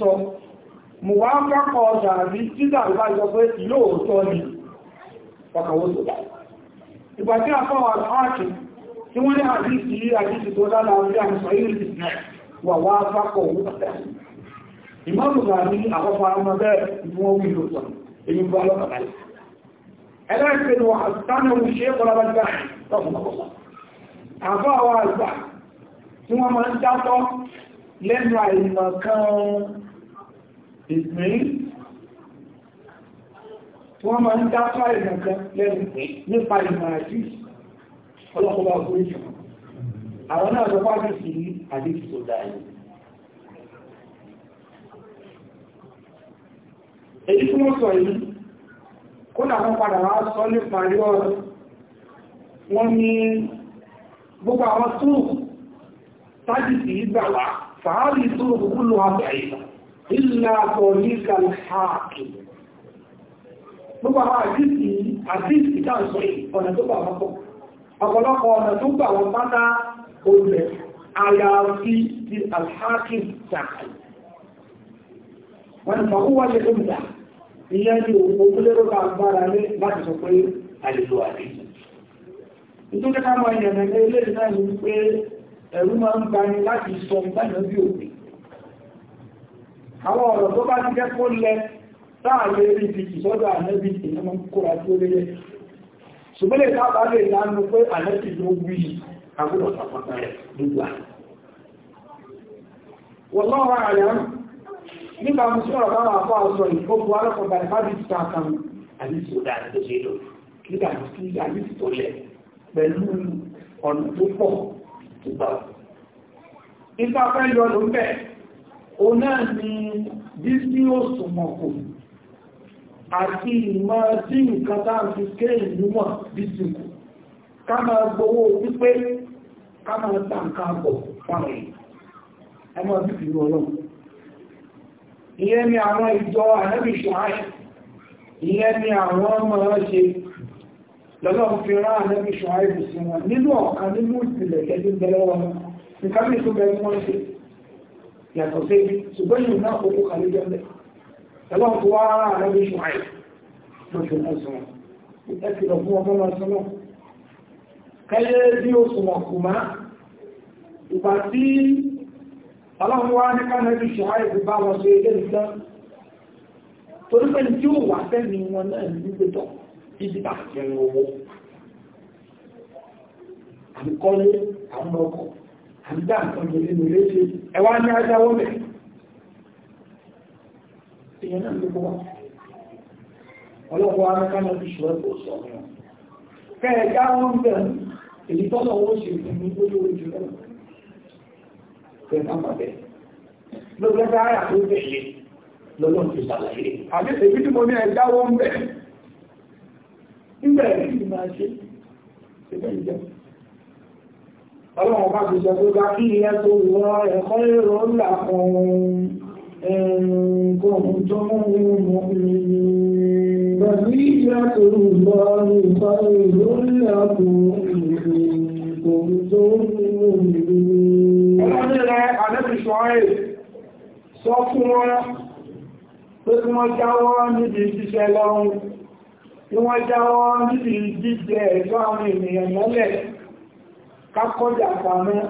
sọ ni ọkàwó tó dáa ìgbà tí a fọ́ àlọ́ákì tí wọ́n ní àdíkì àdíkì tó lára orí àmìsọ̀ ìrìnlẹ̀ wà wá fákọ̀ wúpàtà ìmọ́rù bá ní àkọ́fà ọmọ bẹ́ẹ̀ ni wọ́n wí lóòtọ́ èyí bá lọ́pàá ẹlẹ́ẹ̀kẹ́ ni wà sánàwù ṣe kọlọ́bàjá tọ́fùnàkọ́sà àfọ́ àwọn àgbà tí wọ́n máa ń dátọ́ lẹ́nu àìmọ̀ kan ìsìn wọ́n máa ń dá fáì nǹkan lẹ́nu nípa ìmọ̀ àti ọlọ́pọ̀lọpọ̀ ọgbọ́n ìjọ àwọn náà lọ wájú sí àdéjì tó dáa èyí tí wọ́n sọ yìí kó làwọn padà wá sọ nípa rí ọ̀rọ̀ wọ́n ní gbogbo àwọn tóòkù tájì sí ìgbà wá fàárì tóòkù àgbà ìlà ìlà àtọ̀ ní gbogbo àwọn àdísì àdísì ìdáǹsọ ọ̀nà tó gbà wọ́pọ̀ ọ̀pọ̀lọpọ̀ ọ̀nà tó gbà wọ́n pátá olẹ̀ àyàfi ti alhaki sàkàlì wọ́n ni fàkúwà lè lóòdà ìyẹn ni òkúlérò bá gbára lé láti sọ pé àlèlò àdísì nítorí ká mọ ẹ̀yàn ẹ̀mẹ́ ilé náà ni pé ẹ̀rú máa ń bani láti sọ ìgbàlódé òpin àwọn ọ̀rọ̀ tó bá ti jẹ́ kó lẹ́ẹ̀ láàrin rí ti ìsọ́dọ̀ ànẹ́bí ìyẹn mọ́ kóra tí ó lélẹ̀ ṣùgbọ́n lè káàbà lè lánú pé ànẹ́bí ló wí àgbọ̀dọ̀ sàpàtà rẹ̀ lùgbà wọ́n lọ́wọ́ àyà nígbà mú sọ́rọ̀ bá wà fọ́ àṣọ ìfọ́kù alákọ̀ọ́bà ìfábí ti ta kan àdísì ó dáa tó ṣe lò nígbà tí àdísì tó lẹ̀ pẹ̀lú ọ̀nà tó pọ̀ tó gbà ìfafẹ́ yọ ló bẹ̀ o náà ni dísí ó sùnmọ̀kùn àti ìmọ̀ sí nǹkan tá ń fi kéèyàn níwọ̀n bí sí kù ká máa gbowó wípé ká máa ta nǹkan bọ̀ fáwọn èèyàn ẹ máa bí ìlú ọlọ́run ìyẹn ni àwọn ìjọ ànábì ṣùháì ìyẹn ni àwọn ọmọ ṣe lọ́lọ́run fi rán ànábì ṣùháì bù sí wọn nínú ọ̀kan nínú ìpìlẹ̀ kẹ́jú bẹ̀rẹ̀ nǹkan bí ìtúbẹ̀ wọn ṣe yàtọ̀ sí ṣùgbọ́n yìí náà kàlẹ́jọ́ bẹ̀rẹ̀ ọlọ́run tó wá rárá rẹ̀ ní ṣùgbọ́n lóṣù ọ̀sán ìtẹ́kìlọ̀ fún ọmọ ọ̀sán náà kẹ́yẹ́ bí ó sùnmọ̀ kù máa ìgbà tí ọlọ́run wá ní kánẹ́bí ṣùgbọ́n ìbá wọn ṣe ilé nìkan torí pé tí ó wà fẹ́mi wọn náà ní gbẹ́tọ̀ ìdíbà jẹun owó àbíkọ́lé àwọn èèyàn náà ló wà ọlọ́pọ̀ arákánà bí ṣùgbọ́n kò sọ ọ̀rọ̀ kẹ́ẹ̀ká wọ́n bẹ̀rẹ̀ èyí tọ́lọ̀ wọ́n ṣe fún ní olóòrò jùlọ kẹ́ẹ̀ká pàtẹ́ lọ́gbẹ́ta ara tó bẹ̀rẹ̀ lọ́lọ́n ti sàlàyé àbí èyí tí mo ní ẹ̀dá wọ́n bẹ̀rẹ̀ níbẹ̀rẹ̀ kí ni máa ṣe ṣẹ́gbẹ́ ìjọ ọlọ́run bá ti sọ pé bá kí ni ẹ tó wọ ẹ̀kọ́ ìrọ̀ ńlá kan إن كنتم مؤمنين بقية الله خير لكم إن كنتم مؤمنين. sọ fún wọn pé kí wọ́n jáwọ́ níbi ìṣiṣẹ́ lọ́rùn kí wọ́n jáwọ́ níbi jíjẹ ẹ̀ṣọ́ àwọn ènìyàn mọ́lẹ̀ kákọ́jà pàmọ́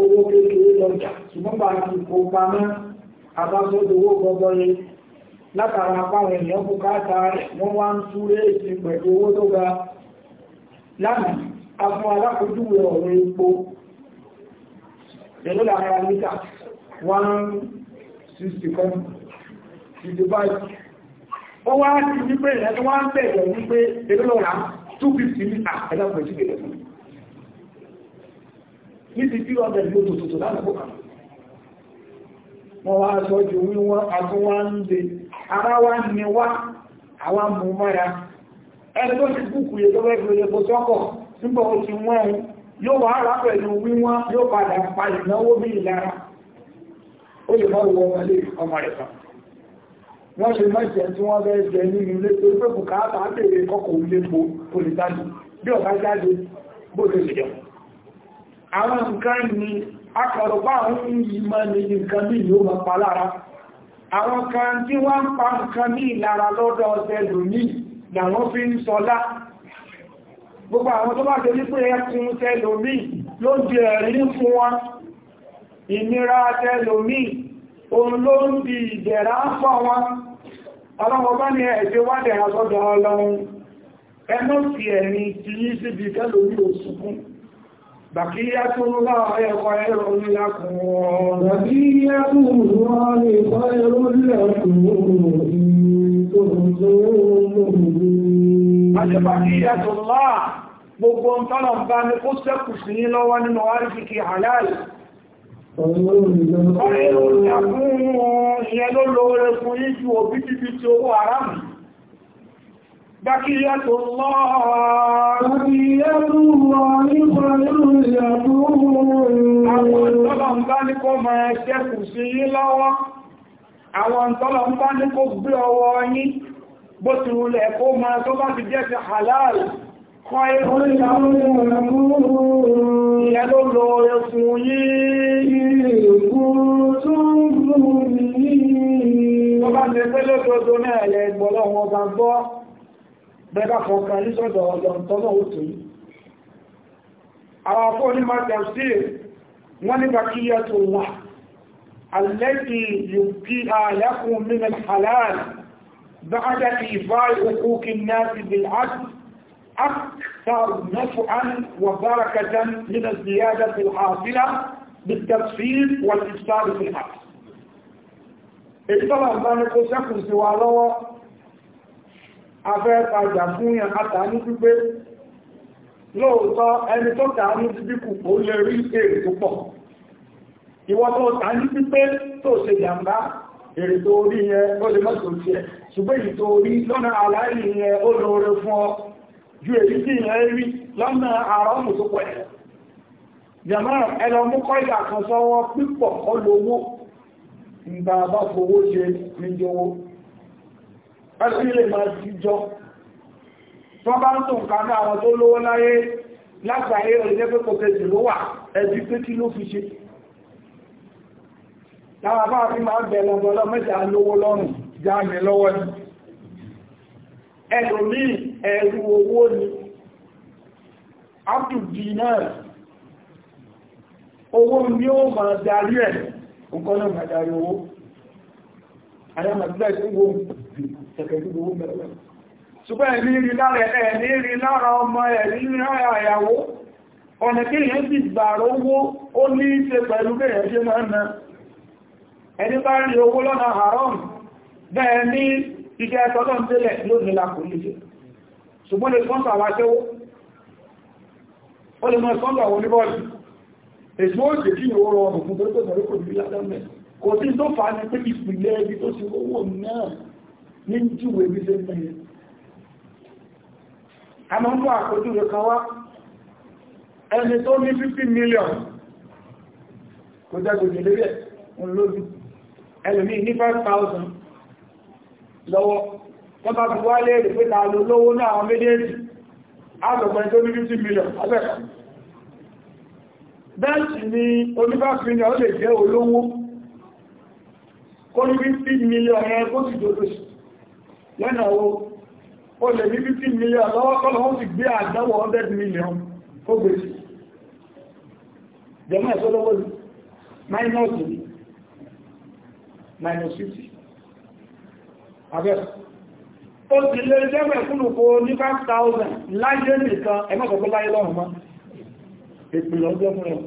owó kékeré lọ́jà ṣùgbọ́n bá ti kó pamọ́ abáṣọ́dọ̀ owó gọbọye látara apáwọn ènìyàn kó káàtà rẹ̀ wọ́n wá ń tú réèsì pẹ̀lú owó tó ga lánàá a fún alákòójúwe ọ̀rọ̀ epo pẹ̀lú lára lítà 160 kan 55 ó wá ti wípé ìrẹ́ni wá ń bẹ̀rẹ̀ wípé pẹ̀lú lọ́ra 250 mítà ẹ̀dá pẹ̀lú ìgbẹ̀rẹ̀ fún níbi tí ọ̀dẹ̀ ló tòtòtò lásìkò kan wọ́n wá sọ ju wíwọ́n àtúnwá ń de ara wá ní wá àwọn amúmára ẹni tó ti kúkú yẹ tó fẹ́ fi sọ́kọ̀ nígbà ó ti wọ́n yóò wá rà wíwọ́n yóò padà pa ìnáwó bí ìlara ó lè mọ́ wọ ọmọlé ọmọ rẹ̀ kan wọ́n lè mọ́ tí wọ́n bẹ́ẹ̀ jẹ nínú ilé tó àwọn nǹkan ni akọ̀rọ̀pá àwọn ìmọ̀ ní nǹkan bí yóò mọ̀ pa lára àwọn kan tí wọ́n pa nǹkan ní ìlara lọ́dọ̀ tẹlòmí làwọn fi ń sọlá gbogbo àwọn tó bá tẹ wípé ẹkùn ló dì fún wọn ìnira òun ló ń di fọ́ wọn ọlọ́wọ́ bá ní wádẹ̀ بقية الله خير لكم بقية الله خير لكم بقية الله gbogbo ń tọ́lọ̀ bá ní kó sẹ́kù sí ní lọ́wọ́ nínú àríkìkì halal ọ̀rẹ́ ìròyìn àkúrùn ìyẹn ló lóore fún yíjú òbítìbítì owó aráàmù بقية الله بقية الله خير Àwọn tọ́lọ̀ ń bá ní kó gbé ọwọ́ yín bó ti rúlẹ̀ kó máa tó bá ti jẹ́ ti halal kọ́ ẹ̀kọ́ ìyàwó ìyẹ́ ló lọ ẹkùn yìí ìrìnkún tó ń gbùn ní bẹ́bá fọ́kàn ní sọ́dọ̀ ọ̀yọ̀ntọ́nà òtò yìí àwọn fún onímọ̀ wọ́n tó wà alẹ́kì بعد إيفاء حقوق الناس بالعدل أكثر نفعا وبركة من الزيادة والإفصال في سوى afẹ́tajà fún yàn àtà ní pípé lóòótọ́ ẹni tó tà ní bíbíkù ó lè rí èrè tó pọ̀ ìwọ tó tà ní pípé tó ṣe jàmbá èrè tó rí yẹn ó lè mọ́sùn sí ẹ̀ ṣùgbọ́n èyí tó rí lọ́nà aláìrí yẹn ó lóore fún ọ ju èyí tí yẹn rí lọ́nà àrọ́mù tó pọ̀ ẹ̀ jàmbá ẹlọ mú kọ́ìdà kan sọ́wọ́ pípọ̀ ó lówó ìgbà bá fowó ṣe níjọwó ẹ̀sùn ilé máa ti jọ tó bá ń tún kàánà àwọn tó lówó láyé lágbàáyé orílẹ̀ pé kò tẹ́jì ló wà ẹbí pé kí ló fi ṣe láwọn bá fi máa bẹ̀ lọ́gbọ́lọ́ mẹ́ta lówó lọ́rùn jáàmì lọ́wọ́ ni ẹlòmí ẹ̀rù owó ni abduldinar owó owó àdámà tí láì tó wọ́n tẹ̀kẹ̀ tó wọ́n mẹ́rẹ̀ ṣùgbọ́n ẹ̀mí rí lára ẹ̀mí rí lára ọmọ ẹ̀mí rí lára ìyàwó ọ̀nà kí èyàn ti gbàrọ owó ó ní í ṣe pẹ̀lú bẹ́ẹ̀ ṣe máa na ẹni bá rí owó lọ́nà haram bẹ́ẹ̀ ní iṣẹ́ ẹ̀tọ́lọ́ ń délẹ̀ lónìí la kò níṣe ṣùgbọ́n lè sọ́ntà wá ṣẹ́wó ó lè mọ́ sọ́ntà wọn ní bọ́ọ̀lù èso ó jẹ́ kí ìwó rọrùn fún torípẹ̀sẹ̀ orí kò ní ládámẹ́ kò sí tó fà á ní pé ìpìlẹ̀ ibi tó ti owó náà ní júwé bí ṣe mẹ́rin a máa ń àkójú rẹ̀ kan ẹni tó ní 50 million kò jẹ́ gbogbo lérí ẹ̀ ń lóbi ẹlòmí ní 5,000 lọ́wọ́ wọ́n bá fi wálé èrè pé ta ló lówó náà àwọn méjèèjì àgbẹ̀gbẹ̀ tó ní 50 million abẹ́kọ̀ọ́ bẹ́ẹ̀sì ni onífàfihàn ó lè jẹ́ olówó kó 15 million ẹ̀ kó sì jòdó sí lẹ́nà owó ó o ní 15 million lọ́wọ́kọ́lọ́ million ó gbé sí jẹ́mọ́ ìṣọ́lọ́wọ́ minus minus 50 abẹ́ ó ti lè jẹ́mọ̀ ìfúnnùkú ní 5,000 láyé nìkan ẹgbẹ́sọ̀kọ́ láyé lọ́rùn mọ́ ìpìlọ̀ ọjọ́ fún ẹ̀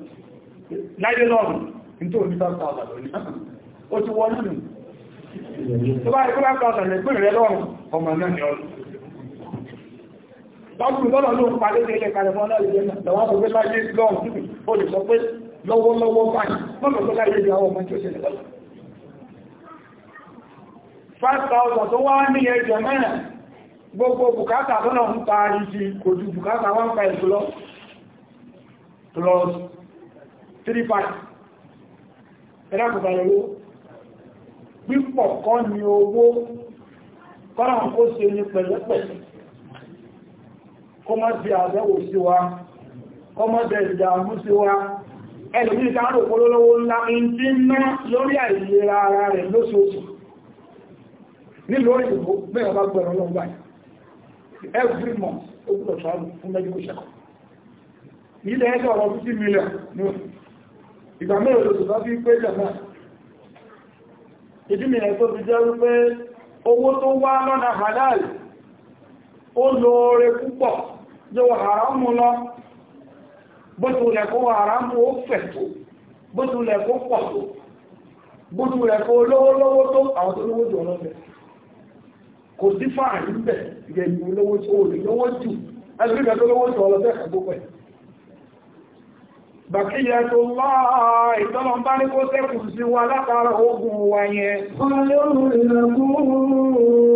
láyé lọ́rùn ní tó ní 5,000 lórí ó ti wọ́n nínú tó bá ikú láti ọ̀sán lè pín rẹ̀ lọ́rùn ọmọ náà ni ọdún tọ́kùn lọ́nà ló ń pa léde ilẹ̀ kàlẹ̀fọ́nà ìjẹ́ náà lọ́wọ́ sọ pé láyé lọ́rùn ó lè sọ pé lọ́wọ́lọ́wọ́ báyìí mọ́tò tó láyé ìyàwó ọmọ tí ó ṣẹlẹ̀ lọ́wọ́ 5,000 tó wá ní ẹjọ mẹ́rin gbogbo bùkátà tọ́nà ń ta ìjì kò ju bùkátà 1,500 lọ plus 3,500 ẹ̀rọ kò bàrẹ̀ lówó pípọ̀ kọ́ ni owó kọ́nà kó ṣe ní pẹ̀lẹ́pẹ̀lẹ́ kó mọ́ sí àbẹ́wò sí wa kó mọ́ bẹ̀ ìdàmú sí wa ẹlùmí ìtàrò polólówó ńlá ń tí ná lórí àìlera ara rẹ̀ lóṣooṣù nílùú òyìnbó mẹ́rin bá gbẹ̀rún ìdí nìyẹn tó fi jẹ́ wípé owó tó wá lọ́nà halal ó lóore púpọ̀ jẹ́ wọ haramu lọ bótúlẹ̀ kó haramu ó fẹ̀ tó bótúlẹ̀ kó pọ̀ tó bótúlẹ̀ kó lówólówó tó àwọn tó lówó jù ọlọ́fẹ́ kò sí fáà níbẹ̀ ìgbẹ̀yìn olówó tó lówó jù ẹgbẹ̀rẹ̀ tó lówó jù ọlọ́fẹ́ kàgbópẹ̀ Bàkíyà tó láà ìtọ́lọ̀ bá ní kó sẹ́kù sí wa látara ogun wa yẹn. Ọlọ́run ìrìnàkúrù.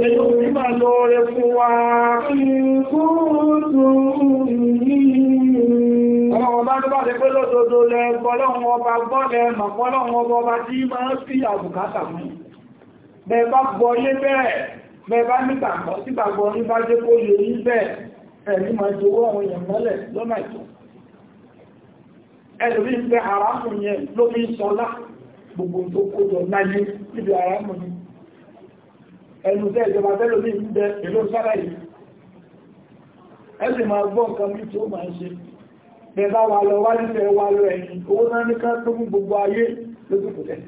Èyí ò ní máa lọ rẹ fún wa. Ìrìnkúrù ọba tó bá rẹ̀ pé lọ́dọ̀dọ̀ lẹ gbọ́lọ́wọ́ ọba gbọ́lẹ̀ mọ̀kọ́lọ́wọ́ ọba tí máa sí àbùkátà mú bẹ̀ẹ̀bá gbọ́ yé bẹ́ẹ̀ bẹ̀ẹ̀bá nígbàgbọ́ sígbàgbọ́ ní bá jẹ́ kó yẹ yí bẹ́ẹ̀ ẹ̀rí máa jẹ́ owó àwọn mọ́lẹ̀ lọ́nà ìtọ́ ẹlòmí ń bẹ yẹn ló fi ń gbogbo tó kójọ láyé níbi haramu ni ẹnu tẹ́ ìjọba tẹ́lòmí ń bẹ èlò sára yìí ẹ̀sì máa gbọ́ nǹkan bí tí ó máa ń ṣe bẹ̀bá wà lọ wá nílẹ̀ wà lọ ẹ̀yìn gbogbo ayé tẹ́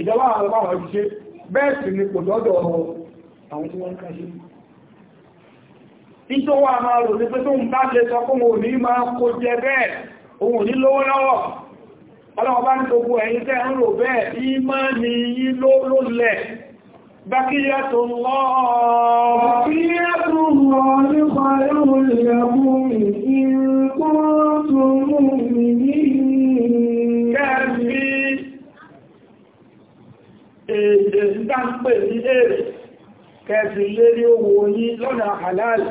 ìjọba àwọn àwọn ìṣe bẹ́ẹ̀ sì ni kò lọ́dọ̀ iṣó wà máa rò ní pé tó ń bá lè sọ fún òní máa kó jẹ bẹ́ẹ̀ òun ní lówó lọ́wọ́ ọlọ́wọ́ bá ní gbogbo ẹ̀yin tẹ́ ń rò bẹ́ẹ̀ ìmọ́ ni yí ló lẹ̀ bákíyà tó lọ́ bákíyà tó lọ́ nípa ẹ̀rùn ìyàmú ìkọ́ tó mú mi ní kẹ́ẹ̀mí èdè ń dá ń pè ní èrè kẹ́ẹ̀sì lérí owó yí lọ́nà àláàlì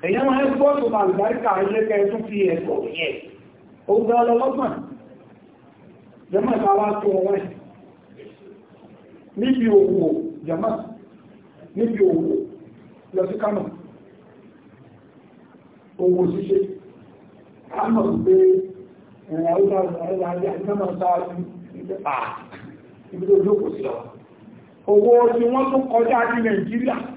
que èyàn máa ń gbọ́ tó máa gbáríkà ilẹ́kẹ́ tún fi ẹ̀kọ́ yẹn ó gbá ọlọ́lọ́gbọ̀n jẹ́mọ̀ ìbáwá tó ọwọ́ ẹ̀ níbi òwò jẹ́mọ̀ níbi òwò lọ sí kánà òwò ṣíṣe kánà gbé ẹ̀rẹ̀ àwọn àwọn àwọn àwọn àwọn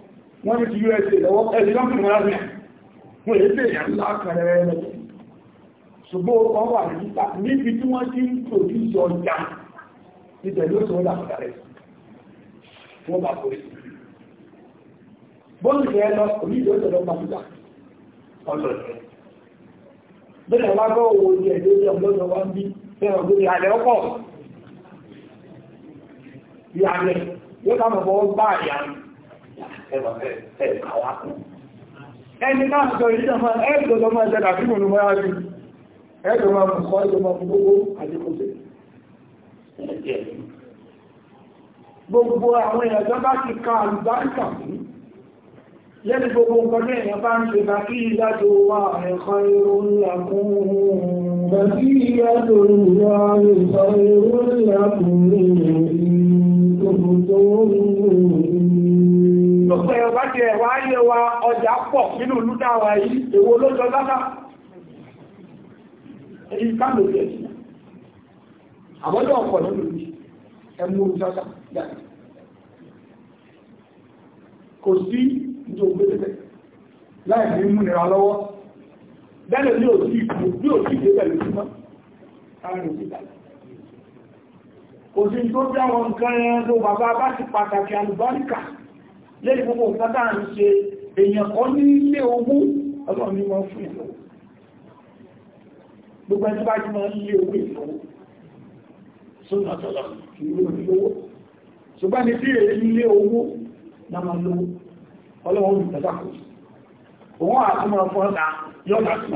wọ́n ní ti USA lọ́wọ́ ẹ̀sìn náà fún wọn wọ́n èyí tẹ̀ yà ńlá kẹrẹ rẹ̀ ṣùgbọ́n ọkọ̀ wà níta níbi tí wọ́n ti ń pòdúsì ọjà níbẹ̀ ló sọ wọ́n dàrẹ̀ wọ́n bá kórè bọ́ọ̀lù fẹ́ lọ onídìí ọjọ́ lọ́pàá níta ọlọ́ọ̀tẹ̀ bẹ́ẹ̀ wá gbọ́ owó ní ẹ̀dẹ́ ní ọlọ́dọ̀ wá ń bí fẹ́ràn lórí alẹ́ ọkọ̀ ìyàlẹ̀ yóò ká mọ̀ bọ́ bá àyà mi ẹni náà sọ ìjọ máa ẹ́gbọ́dọ̀ máa jẹ́ àfihàn ní wọ́n rí ẹgbẹ̀rún máa mú kọ́ ẹgbẹ̀rún máa mú àdíkòsẹ̀ gbogbo àwọn èèyàn bá ti ka àlùbáríkà ní Lọ́pọ̀ ẹ̀wà jẹ ẹ̀wà ayé wa Kò sí ìjọ ògbélébẹ̀ láì ní mú lọ́wọ́. Bẹ́ẹ̀ ni ò ìpò, bí ò sí ìdébẹ̀ súnmọ́. Káàrin ò sí ìdàlẹ̀ òsìn tó bí àwọn nǹkan ẹran tó bàbá bá ti pàtàkì àlùbáríkà lẹ́yìn gbogbo nǹkan tá à ń ṣe èèyàn kan ní ilé owó ọlọ́run ní wọ́n fún ìlú gbogbo ẹni bá jùmọ̀ ilé owó ìlú sónà tọ́lọ̀ ìlú olówó ṣùgbọ́n ní sí èrè ilé owó náà lówó ọlọ́run ní tẹ́sàkó òun àtúmọ̀ fọ́nà yọ́nà tún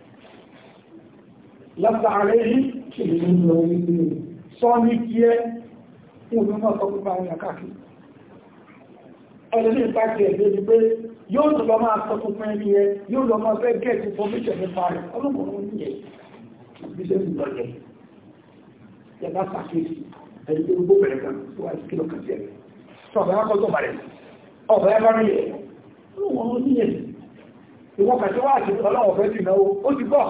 lọ́pọ̀ ààrẹ yìí kì í lọ ilé sọ ní kí ẹ òun náà sọ púpọ̀ àwọn àkàkì ẹlẹ́lẹ́ ìpàkì ẹ̀dẹ́ ni pé yóò tó lọ máa sọ púpọ̀ ẹni ẹ yóò lọ máa fẹ́ gẹ̀ẹ́sì fọmíṣẹ̀ nípa rẹ̀ ọlọ́pọ̀ ní ẹ̀ bí ní ẹ̀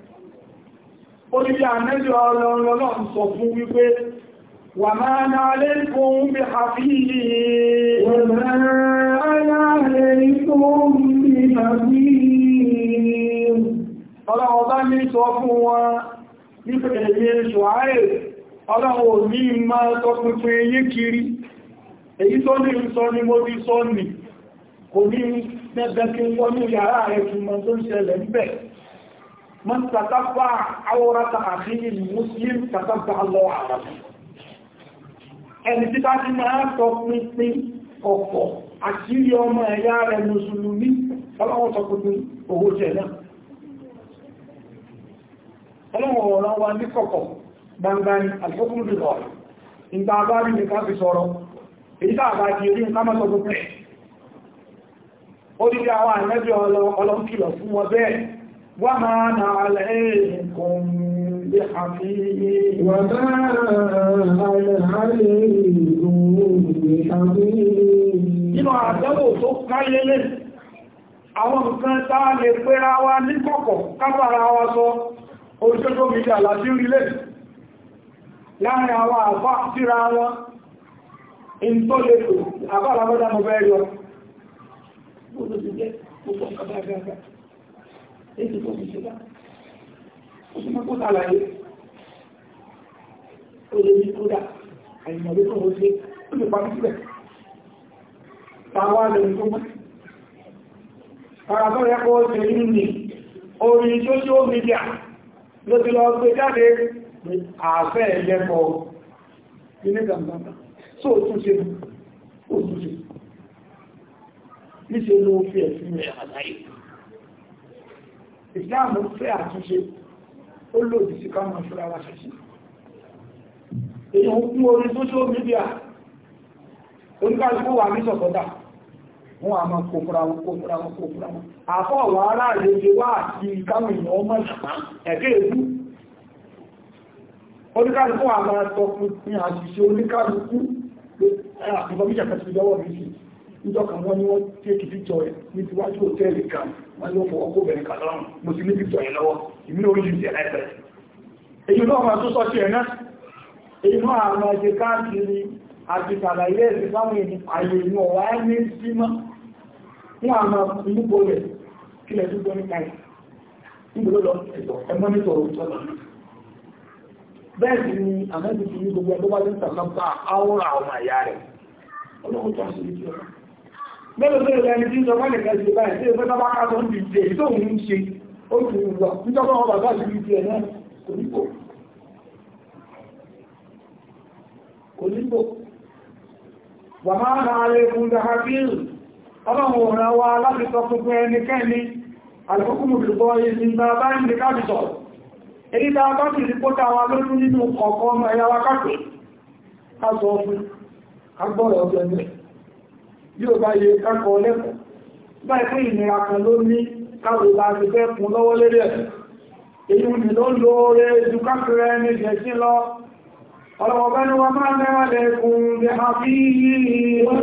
orílẹ̀ àmẹ́jọ ọlọ́run sọ fún wípé wà máa ná alẹ́ fún bí àfíìlì ọlọ́run bá ní sọ fún wọn nípa èyí ṣùháyè ọlọ́run ò ní máa sọ pínpín yí kiri èyí tó ní sọ mo ti sọ nì kò ní mẹ́gbẹ́ kí wọ́n ní yàrá rẹ̀ fún mọ́ من تتبع عورة أخيه المسلم تتبع الله عورته ẹni tí bá ti máa sọ pínpín ọ̀pọ̀ àṣírí ọmọ ẹ̀yà rẹ̀ mùsùlùmí ọlọ́wọ́ sọ pínpín owó jẹ́ náà ọlọ́wọ́ ọ̀rọ̀ wa ní kọ̀kọ̀ gbangba ni àtìkọ́kùnrin bí lọ́rọ̀ ìgbà bá rí ní káfí sọ̀rọ̀ èyí tàbá وما أنا عليكم بحفيظ وما أنا عليكم بحفيظ nínú tó àwọn nǹkan táà lè pẹ́ra wa ní kọ̀kọ̀ kápàrà wa sọ oríṣẹ́gbò mídà láti ala láàrin àwọn àbá síra wọn in tó lè pè àbá alábọ́dá mọ̀ yọ èyí tó fi ṣe bá sàlàyé ó lè ní kódà àìmọ̀lé tó tó mọ́ ara tó yẹ ni orin tó mídíà ló ti lọ gbé jáde àfẹ́ ẹ̀lẹ́kọ̀ọ́ nílé gàmbàmbà tó tún ṣe ó tún ṣe níṣe ló fi ẹ̀sìn rẹ̀ àdáyé ìsìláàmù fẹ́ àtúnṣe ó lòdì sí ká máa fúra wa ṣẹ̀ṣì èyí ń kún orí social media oníkàlùkù wà ní sọ̀tọ̀dà wọ́n a máa kòkòrò wọn kòkòrò wọn kòkòrò wọn àfọ́ àwọn ará àlejò wà àti ìkáwọn èèyàn ọmọ ẹ̀kẹ́ ìlú oníkàlùkù wà máa tọpinpin àṣìṣe oníkàlùkù àti bọ́míjà kẹsìlẹ́wọ̀ mi sí níjọ́ kan wọ́n ní wọ́n tẹ́kì píjọ ẹ̀ ní ti wájú òtẹ́ẹ̀lì kan wọ́n ní wọ́n fọwọ́ kó bẹ̀rẹ̀ kà lọ́rùn mo sì ní píjọ ẹ̀ lọ́wọ́ ìmí orí yìí ẹ̀ ẹ̀fẹ̀ èyí náà máa tó sọ sí ẹ̀ náà èyí náà máa ṣe káàkiri àti sàlàyé ẹ̀sìn fáwọn ènìyàn àyè inú ọ̀wá ní símọ́ wọ́n a máa inú bó rẹ̀ kí lẹ́tí gbọ́ nípa ẹ̀ nígbòló lọ ẹ̀tọ́ ẹmọ́ nítorò ìtọ́lọ̀ bẹ́ẹ̀ sì ni àmẹ́sì ti ní gbogbo ẹgbẹ́ wájú tàbí àwọn àwọn àyà rẹ̀ ọlọ́run tó ń ṣe ìjọba mẹ́lòó tó lẹ́ni tí sọ mọ́lẹ̀ kẹsì báyìí tí ìfẹ́ tọ́bá ká tó ń bìí tó ń ṣe ó fi ń lọ nítorí wọn bàbá sí ibi ẹ̀ náà kò níbò kò níbò wà máa ń ra láti sọ gbogbo ìsìn bá bá ń lè èyí tá a bá rí pótà wa lójú nínú ọmọ yóò bá yẹ kákọ̀ọ́ lẹ́kọ̀ọ́ bá ẹ̀kọ́ ìnira kan ló ní káwò bá ti fẹ́ fún lọ́wọ́ lérí ẹ̀ èyí ni ló lò rẹ̀ ju kákẹrẹ ní jẹ̀sí lọ ọlọ́wọ́ bá ní wọ́n máa mẹ́wàá lẹ́kùn bí a fi yìí wọ́n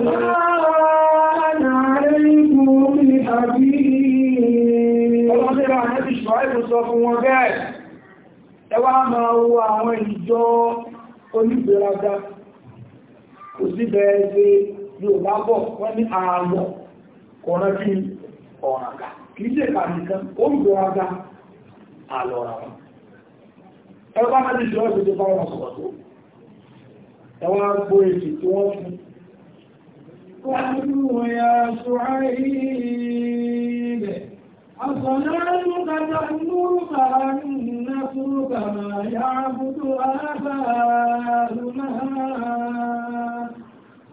yóò bá bọ̀ wọ́n ní ààbọ̀ kọ̀ọ̀rọ̀ kí ọ̀rànga kìí ṣe kàníkan ó ń bọ̀ ọ̀gá àlọ́ra wọn ẹgbẹ́ náà ti ṣe ọ́sẹ̀ tó bá wọn tó ẹwọ́n gbọ́ èsì tí wọ́n fún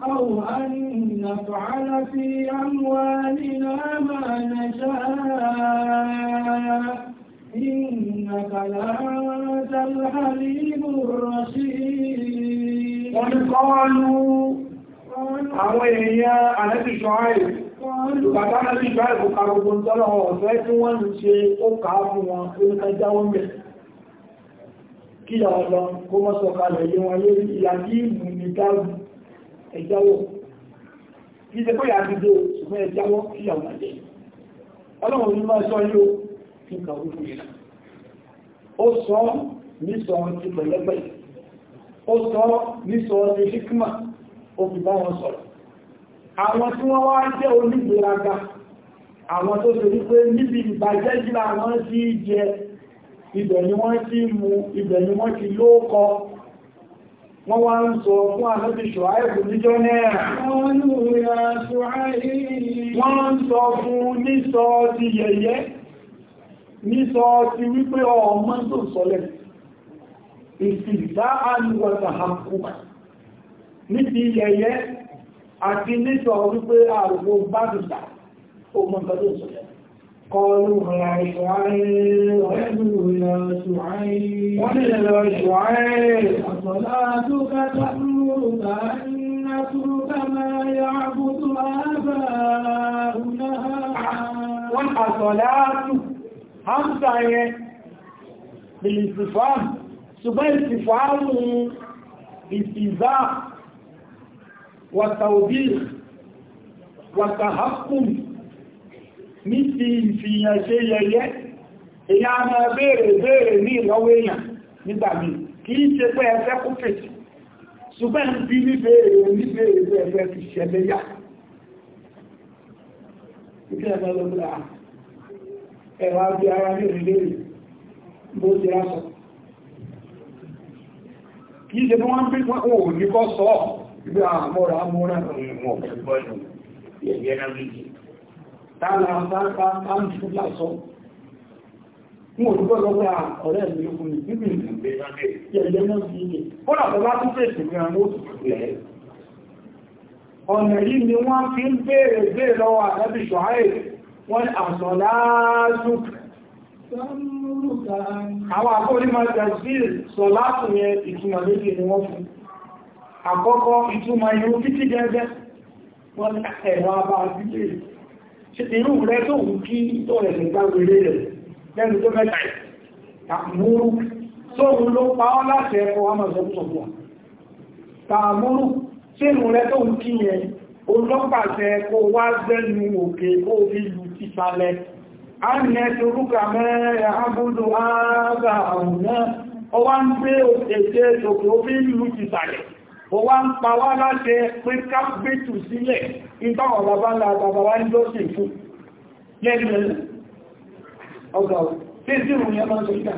أو أن نفعل في أموالنا ما نشاء إنك لأنت الحليم الرشيد قل قالوا àwọn èèyàn àlẹ́bì ṣọ́áì bàbá àlẹ́bì ṣọ́áì kò kàrùgbò tọ́lọ̀ ọ̀fẹ́ tí wọ́n ń ṣe ó kàá fún wọn oríkẹjá wọ́n bẹ̀ kí ọ̀lọ́ kó mọ́ sọ̀kalẹ̀ yíwọn lórí ìyàjí ìmú dáàbù ẹ̀jáwọ́ kí ṣe pé àdúgbò ṣùgbọ́n ẹ̀jáwọ́ kí àwọn àjẹ́ ọlọ́run ní máa sọ yóò kí nǹkan wúrú yìí ó sọ nísọ ti pẹ̀lẹ́pẹ̀ ó sọ nísọ ti hikma ó fi bá wọn sọ̀rọ̀ àwọn tí wọ́n wá jẹ́ onígbèraga àwọn tó ṣe wípé níbi ìbàjẹ́ jìlá wọ́n ti jẹ ibẹ̀ ni wọ́n ti mu ibẹ̀ ni wọ́n ti lóókọ wọ́n wá ń sọ fún àlọ́bí ṣòáìbù níjọ́ náà wọ́n ń sọ fún nísọ ti yẹ̀yẹ́ nísọ ti wípé ọmọ tó sọlẹ̀ ìsìdá àníwọ̀ta hàkúmà ní ti yẹ̀yẹ́ àti nísọ wípé àrùgbò bá dùdà ọmọ tó sọlẹ̀ قالوا هل شعير ويدعونا شعير ويدعونا شعير وصلاتك تأمرك أن نترك ما يعبد آباؤنا والحصلات همسة بالاستفهام ṣùgbọ́n ìsìfàánù ìsìzá wàtàwòbí wàtàhákùnù ní ti ìfihàn ṣe yẹyẹ èyà máa béèrè béèrè ní ìlọ́wọ́ èèyàn nígbà mi kì í ṣe pé ẹfẹ́ kó fèsì ṣùgbọ́n bí ní béèrè ní béèrè pé ẹfẹ́ fi ṣẹlẹ̀ yá ẹ̀wà bí ara ní ìrìnlẹ̀ bó ti rásọ̀ kì í ṣe bí wọ́n pín fún òun ní kọ́ sọ́ọ̀ ibi àmọ́ra mọ́ra ìwọ̀n ẹ̀gbọ́n yẹ̀yẹ́ náà méjì tààlà àbáta àmìsù lásọ fún òdúgbọ́ lọ́gbà ọ̀rẹ́ mi fún mi níbi ìjẹ̀jẹ̀ náà fi ilé kọ́nà bọ́bá tún fèsì gan ó sì lẹ̀ ọ̀nà yìí ni wọ́n fi ń béèrè béèrè lọ́wọ́ àdábì ṣọ́háì wọ́n àṣọ láàájú àwọn akọ́rí máa tẹ̀sí sọ láti yẹ ìtumọ̀ méjì ni wọ́n fún àkọ́kọ́ ìtumọ̀ ìrú títí gẹ́gẹ́ wọ́n ẹ̀rọ abá irú rẹ tó wù kí tó rẹ̀ sì gbáwé rẹ̀ lẹ́nu tó mẹ́ta tàmúrú tóhun ló pa ọ́ láti ẹ̀kọ́ amazọ́gbọ̀n tàmúrú tí irú rẹ tó wù kí yẹn olọ́pàṣẹ kó wá zẹ́nu òkè kó fi lù ti falẹ̀ a ń yẹ torúkà mẹ́rẹ̀ agbódò ààbà àrùn náà ó wá ń gbé ètè òkè ó fi lù ti falẹ̀ ó wá ń pa wá láti pé ká gbé tù sílẹ̀ ìtàwọn bàbá ńlá àtàbàwá ní ló sì fún lẹ́nu lẹ́nu ọgbà ọ̀ tí sí ìrùn yẹn máa ń sọ ìgbà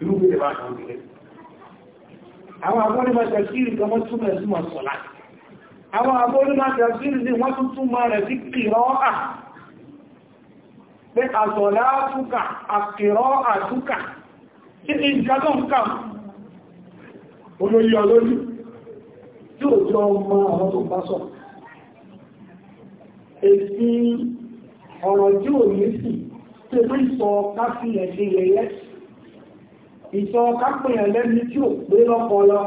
irúgbé bá kan gbé àwọn abọ́nimọ̀ tẹ̀síìrì kan wọ́n túnmọ̀ sí mọ̀ sọ̀lá àwọn abọ́nimọ̀ tẹ̀síìrì ní wọ́n tún túnmọ̀ rẹ̀ sí kìrọ́ọ̀à pé àsọ̀lá túkà àkìrọ́ọ̀à túkà tí ìjọdọ̀ ń kà olóyí ọlórí tí ò jọ ọmọ àwọn tó bá sọ̀rọ̀ èsì ọ̀rọ̀ tí ò ní sí tí ó sọ káfíyẹ̀ sí yẹyẹ ìsọ kápẹ̀yẹ̀ lẹ́ni tí ò pé lọ́pọlọ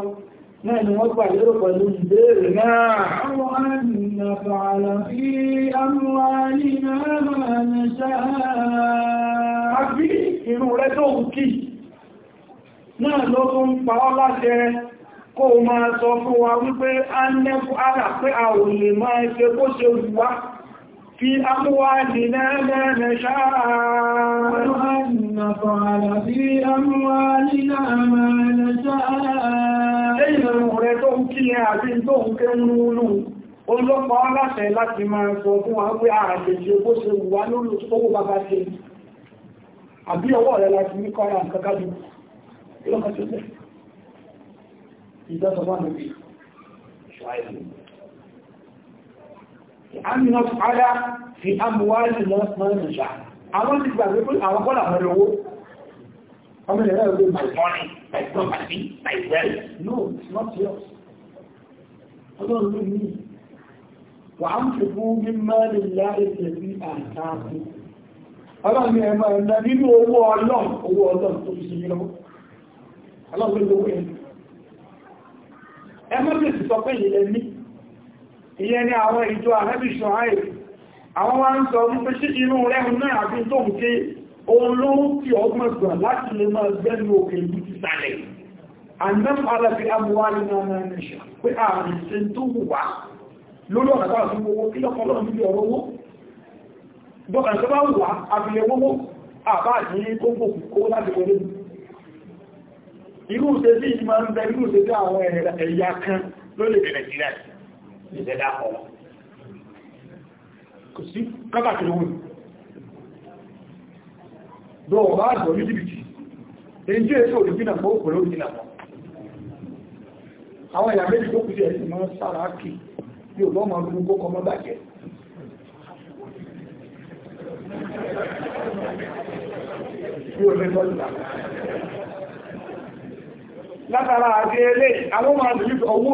náà ni wọ́n gbà lérò pẹ̀lú ìbéèrè náà àwọn àmìnà fààlà sí àmúwà nínú àmàlẹ̀ kó máa sọ fún wa wípé a nẹ́kù ara pé a ò lè máa ṣe kó ṣe wù wá في أموالنا ما نشاء أن نفعل في أموالنا ما نشاء Ẹ̀yìn rẹ̀ tó ń kí ẹ àti tó ń kẹ́ ń lúlú, olópa aláṣẹ láti máa sọ fún wa pé àṣẹṣe bó ṣe wà lórí owó bàbá ṣe. Àbí ọwọ́ rẹ̀ láti ní kọ́ra kàkàdù. Ìlọ́kàtí ó bẹ̀. Ìjọ́ sọ àmìnà fàádá fi àmúwárí lọ́sàn-án ìṣà àwọn ti gbàgbé pé àwọn kọ́lá mọ́ lówó ọmọ ìrẹ́lẹ́ ìwé my money my property my wealth no it's not yours ọlọ́run ló ní wà á ń fi fún mímọ́ nílá ètò sí àtàkù ọlọ́run ẹ̀ máa ń ná nínú owó ọlọ́run owó ọlọ́run tó fi ṣe yí lọ́wọ́ ọlọ́run ló lówó ẹ̀ ẹ má bèèrè sọ pé ìlẹ̀ ní ìyẹn ni àwọn ìjọ ànábì ṣọ̀háì àwọn wá ń sọ wípé sí inú rẹ̀hùn náà àbí tó ń ké ohun ló ń fi ọgbọ̀n gbà láti lè máa gbẹ́nu òkè ìlú ti sàlẹ̀ àndán alábi amúwárí náà náà nìṣà pé ààrùn ṣe tó wù wá lórí ọ̀nà táwọn fún owó kí lọ́kọ̀ọ́lọ́ níbi ọ̀rọ̀ owó bọ́kàn irú ṣe sí ìmọ̀ ń bẹ irú ṣe sí àwọn ẹ̀yà kan lórí ìbẹ̀rẹ̀ sílẹ̀ ìjẹ́ dápọ̀ kò sí kákàkiri wù bọ́ ọ̀bá àwọn ìyà méjì tó sí ẹ̀sìn máa sára kì bí ò lọ́mọ ọdún kó kọmọ bàjẹ́ bí ò látara àti ẹlẹ́ àwọn owó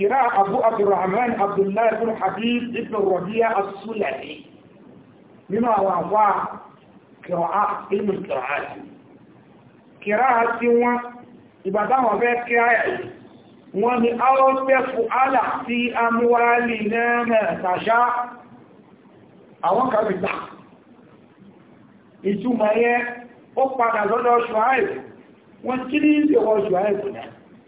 قراءة أبو عبد الرحمن عبد الله بن حبيب ابن الربيع السلمي مما وضع قراءة علم القراءات قراءة سوى إبدا وبيت قراءة ومن أوصف على في أموالنا ما تشاء أو كبدا ìtumọ̀ yẹn ó padà lọ́dọ̀ ṣùháìbù wọ́n kí ní ìṣèwọ̀ ṣùháìbù náà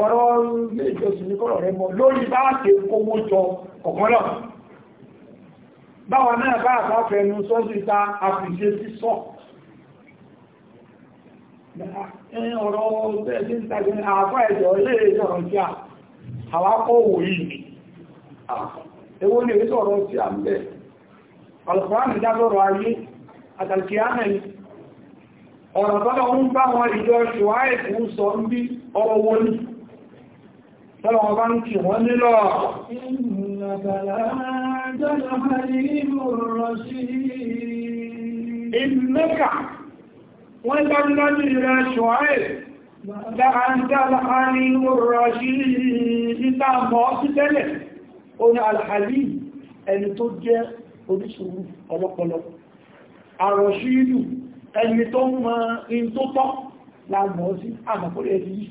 ọ̀rọ̀ ilé ìjọsìn ní kọ́rọ̀ rẹ mọ́ lórí bá ṣe kówó jọ ọ̀kọ́lọ̀ báwọn náà bá àbá fẹnu sọ́sí ta àfìṣe sí sọ ọ̀rọ̀ bẹ́ẹ̀ sí ń tàbí àbá ẹ̀jọ̀ ilé ìjọrọ̀ sí à àwákọ́ òwò yìí ni ewó ní èyí sọ̀rọ̀ sí à ń bẹ̀ alùpàánì dájọ́rọ̀ ayé àtàkìyàmẹ́ ọ̀rọ̀ tọ́lọ́ ń bá wọn ìjọ ṣùwáì fún sọ ń bí ọ̀rọ̀ wọlé tọ́lọ̀ wọn bá ń kì wọ́n nílọ̀. Ìmẹ́kà wọ́n dájúdájú ìrẹ́ ṣùwárẹ̀ dáadáa àárín rọ̀ṣí ìta mọ́ sí tẹ́lẹ̀ oní alhàlì ẹni tó jẹ́ oníṣòro ọlọ́pọlọ. Àrọ̀ṣí ìlú ẹni tó mọ́ in tó tọ́ láàmọ́ sí àmàkórí ẹni yìí.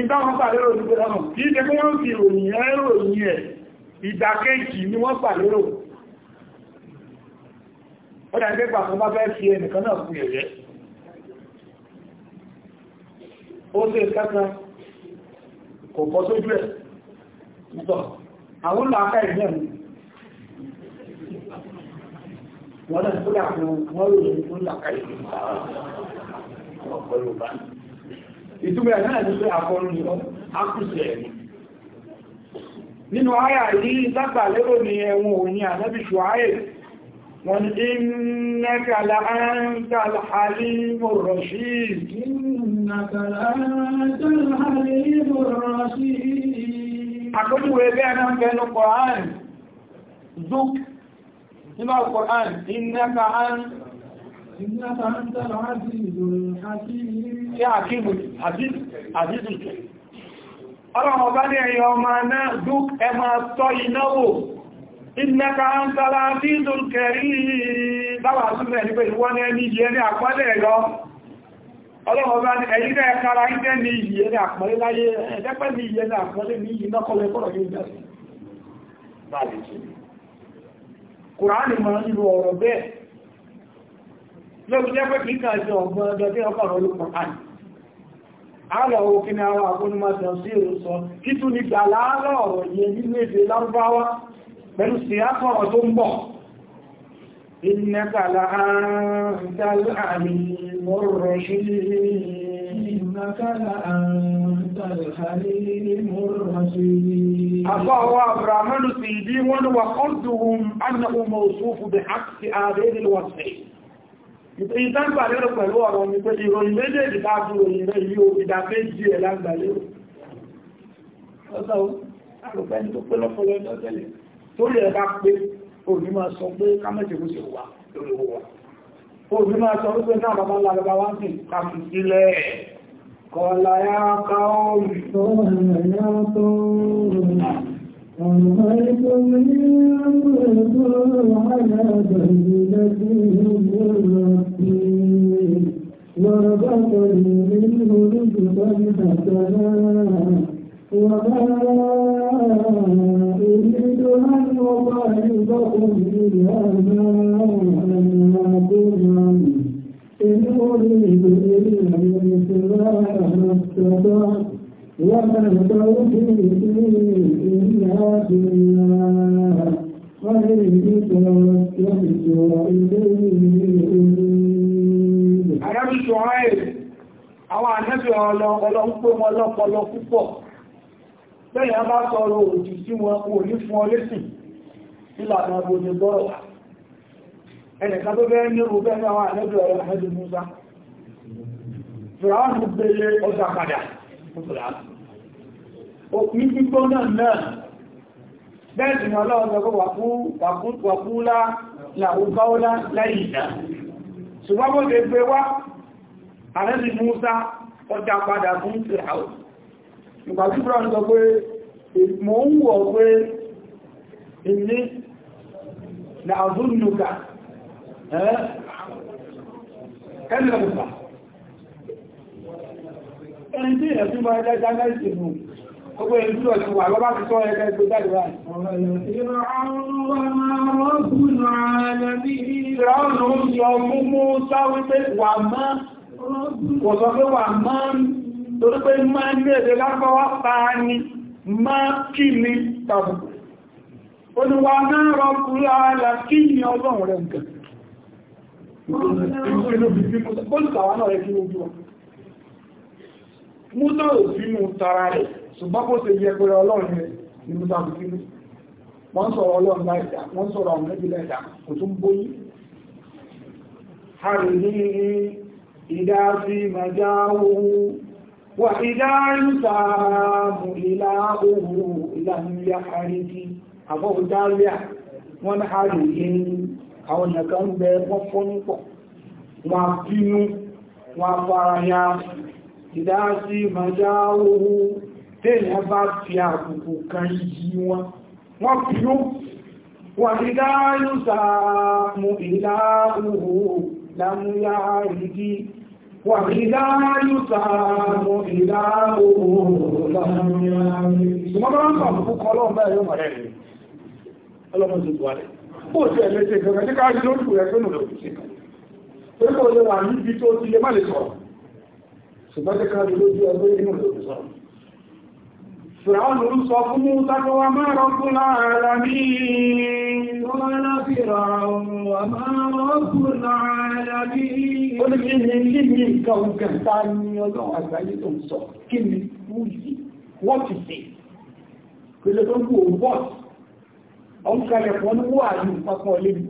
ìdáwọn pàlérò ní ọmọ kí ní kí wọ́n fi ròyìn ẹ̀rọ yìí ẹ̀ ìdàkejì ni wọ́n pàlérò ó dà ní pẹ́pà fún bá bẹ́ẹ̀ fi ẹnìkan náà fún ẹ̀rẹ́ ó sì kẹta kò bọ́ sójú ẹ̀ nítọ̀ àwọn làákà ìgbẹ̀ mi wọ́n náà tó làkùn wọ́n ròyìn tó làkà ìtumẹ̀ náà ní pé àkọrù ni ápùsẹ̀ ẹ̀mí nínú ayà ní lápà lérò ní ẹ̀wọ̀n òní àlẹ́bìṣù ayè wọ́n ni ìnnẹ́kàlá àǹkàlá àlímò rọ̀ṣí Ọlọ́run ọba ní ẹ̀yọ ọmọ ìnẹ́ka ń tọ́lá bí kẹrí báwà súnmẹ̀ nígbè ìwọ́n ní ẹni ìyẹ́ ní àpọ́lẹ̀ ẹ̀yọ. Ọlọ́run ọba ní ẹ̀yí rẹ̀ kára ní ìyẹ́ ní àpọ́lẹ̀ láyé ẹ̀ẹ́dẹ́pẹ́ lóbi jẹ́ pé kìí kàáṣẹ ọ̀gbọ́n ọdọ́dẹ́ ọkọ̀rọ̀ olùkọ̀ àì ààrẹ owó kí ni àwọn agbónúmọ̀tàn sí èrò sọ kí tún ní gbà láàárọ̀ ọ̀rọ̀ yẹn nínú èdè lárúbáwá pẹ̀lú sí àkọ̀rọ̀ tó ń bọ̀ ìnẹ́kà láàárín ìdí wọn wà ọ́dùn annahum mawsuf bi haqqi ààrẹ ìlú wàsẹ̀ ìtàgbà lérò pẹ̀lú ọ̀rọ̀ ni pé ìròyìn méjèèjì bá bú òyìn rẹ̀ yíò ìdá méjì ẹ̀ lágbà lérò ọ̀sọ̀rọ̀ àrùpẹ́ni tó pé lọ́pọ̀lọ́ ẹjọ́ tẹ́lẹ̀ torí ẹ̀ bá pé òní máa sọ pé kámẹ́jẹ̀kú sí wà lórí wà òní máa sọ wípé náà bàbá ńlá bàbá wá sí kàfì sílẹ̀ kọ̀ọ̀lá yá káọ́ أرأيتم إن على بينتهم من ربي ورزقني منه رزقا حسنا وما أريد أن أقربكم إلى ما أنهاكم إن أريد إلا الإصلاح ما استطعت وما توفيقي ànábì ọlọ́pọlọ ń pè wọn lọ́pọlọ púpọ̀ lẹ́yìn bá sọ̀rọ̀ òjì sí wọn kò ní fún ọ lẹ́sìn ìlànà àbòjì gbọ́rọ̀ wà ẹnìkan tó bẹ́ẹ̀ ní rú bẹ́ẹ̀ náà ànábì ọ̀rọ̀ ànábì Musa fìràánù gbélé ọjà padà òkú gbígbóná náà bẹ́ẹ̀ sì ni ọlọ́run Musa ọjà padà fún ìhàù ìgbàtí brown sọ pé mọ̀ ń wọ̀ pé ilé na àzúnnùkà ẹ̀ẹ́kẹ́lẹ̀kùnfà ẹni tí ìyẹ̀ tí máa dájá mẹ́sì mú gbogbo èyí tí ọ̀sán wà lọ́bá ti sọ ẹgbẹ́ ẹgbẹ́ jáde rẹ̀ ìrọ̀rùn yọ mú mú sáwípé wà máa kò sọ pé wà máa ń torí pé máa ń léèdè lápáwá pàá ní máa kí ní tàbùkù olùwà náà rọ̀kú láàrá kí ní ọlọ́run rẹ̀ nǹkan Mútà ò sínú tara rẹ̀, ṣùgbọ́n kó ṣe yẹ pẹ̀lú ọlọ́run rẹ̀ ni mútà kò sínú. Wọ́n sọ̀rọ̀ ọlọ́run láìdá, wọ́n sọ̀rọ̀ àwọn ẹgbẹ̀lẹ́dà, kò tún bóyí. Harìrí إذا في مجاوه وإذا يسام إلهه لم يحرك أبو داليا wọ́n hàrí yìí àwọn nìkan ń bẹ wọ́n fọ́ nípọ̀ wọ́n bínú wọ́n fara ya ìdásí màjá owó tẹ́lẹ̀ bá fi àkùkù لم يعرج وإذا يسام إله لم يعرج ثم قال لهم قالوا ما يوم عليه ọlọ́mọ tó wà rẹ̀ bó ṣe ẹ̀lẹ́sẹ̀ ìfẹ́fẹ́ ní káàkiri lóṣù rẹ̀ tó nùlọ òṣìṣẹ́ kan tó kọ́ lè wà níbi tó ti lè má lè sọ̀rọ̀ ṣùgbọ́n tẹ́káàkiri lójú ẹgbẹ́ Fìràún ló sọ fún mú tàbí wa máa rọ́kún láàrá ní ọ̀nà fìràún wa máa rọ́kún láàrá ní. Ó ní kí ni kí ni nǹkan ọ̀gá ta ní ọlọ́run àgbáyé tó ń sọ, kí ni wúyí, wọ́n ti sè. Pẹ̀lú tó kú òun bọ́ ọ̀n kalẹ̀ fún ní wọ́n àyù pápọ̀ lébi,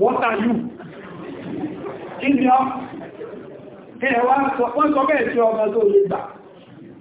wọ́n tàyù. Kí ni ọ? Kí ẹ wá sọ, wọ́n sọ bẹ́ẹ̀ sí ọmọ tó lè gbà.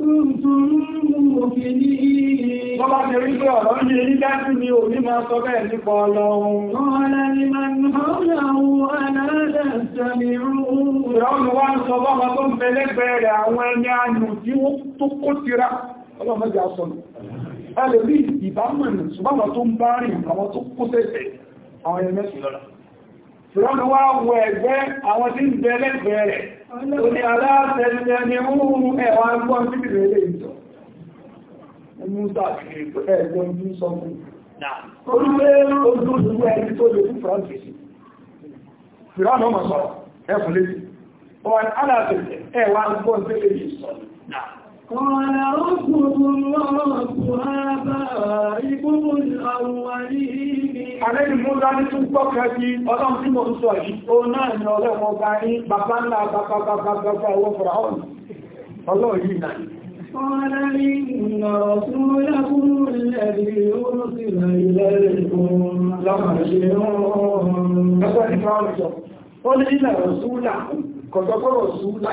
Wọ́n bá ti ń sọ bẹ́ẹ̀ nípa ọlọ́run. Ọ̀lá ni máa ń hàn àwọn aláàdà ìsàmì rúrú. ń sọ bọ́mọ tó ń bẹ̀lẹ́gbẹ̀ẹ́ rẹ̀ àwọn ẹni àánú tí ó tó kó tira. Ṣùgbọ́n wá wọ ẹgbẹ́ àwọn tí ń bẹ lẹ́gbẹ̀ẹ́ rẹ̀, ó ní aláàtẹ̀lẹ̀ ni oòrùn ẹ̀wà ń gbọ́n sí ìrẹ̀ ilé ìjọ. Ẹmú sàkiri ẹgbẹ́ ojú sọ fún. Orúgbé ojú ojú ẹni tó lè fún Fìránsìsì. Fìránà ọmọ sọ̀rọ̀, ẹfùn lé قال ربكم ورب آبائكم الأولين Àlẹ́lì Múlá ní tún pọ́kẹ́ sí ọlọ́run tí mo ń sọ yìí, ó náà ni ọlọ́run ọba ní bàbá ńlá bàbá bàbá bàbá ọwọ́ fọ̀rọ̀ ọ̀nà. Ọlọ́run yìí náà. قال إن رسولكم الذي أرسل إليكم لمجنون. Ó ní ilẹ̀ rọ̀súlà, kọ̀tọ̀kọ̀ rọ̀súlà.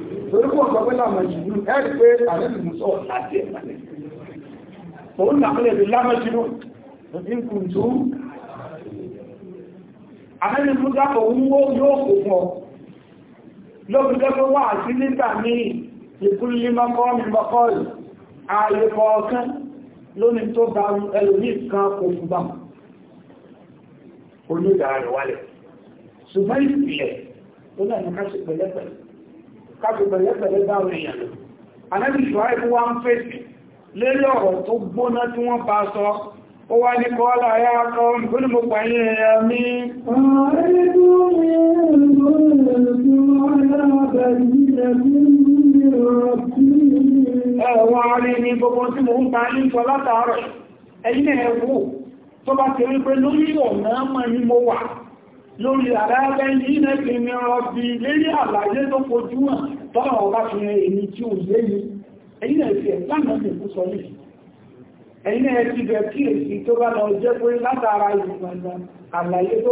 torí kò sọ pé lámà jùlọ ẹ pé àrẹ́bì musa láti ẹ̀ lálẹ́ òun nà mọ́lẹ̀ bí lámà jùlọ ní kùntù àrẹ́bì musa òun wó yóò kò fọ́ lóbi jẹ́kọ́ wà sí nígbà ní ìkúlí mọ́kọ́ mi mọ́kọ́ rẹ̀ ààyè kọ̀ọ̀kan lónìí tó bá ẹlòmí kan kò fún bá olóòdà rẹ̀ wálẹ̀ ṣùgbọ́n ìpìlẹ̀ tó náà ní ká ṣe pẹ̀lẹ́pẹ̀lẹ́ káfí pẹ̀lẹ́pẹ̀lẹ́ dáwọn èèyàn anábì ṣùgbọ́n ẹ̀wọ̀n rí ní gbogbo tí mo ń ta ní sọ látàárọ̀ ẹ̀yìn ẹ̀wọ̀ tó bá ti rí pé lórí ọ̀nà mọ́ ni mo wà lórí àdáyẹ́ ilẹ̀ ìrìn ọ̀bí lérí àlàyé tó fojú wọn tọ́lọ̀ ọba fi rẹ̀ èyí tí ó lé ní ẹ̀yìn ẹ̀sì ẹ̀sánà lè kú sọ yìí ẹ̀yìn ẹ̀sì bẹ̀ kí èsì tó bá lọ jẹ́ pé látara ìgbàgbà àlàyé tó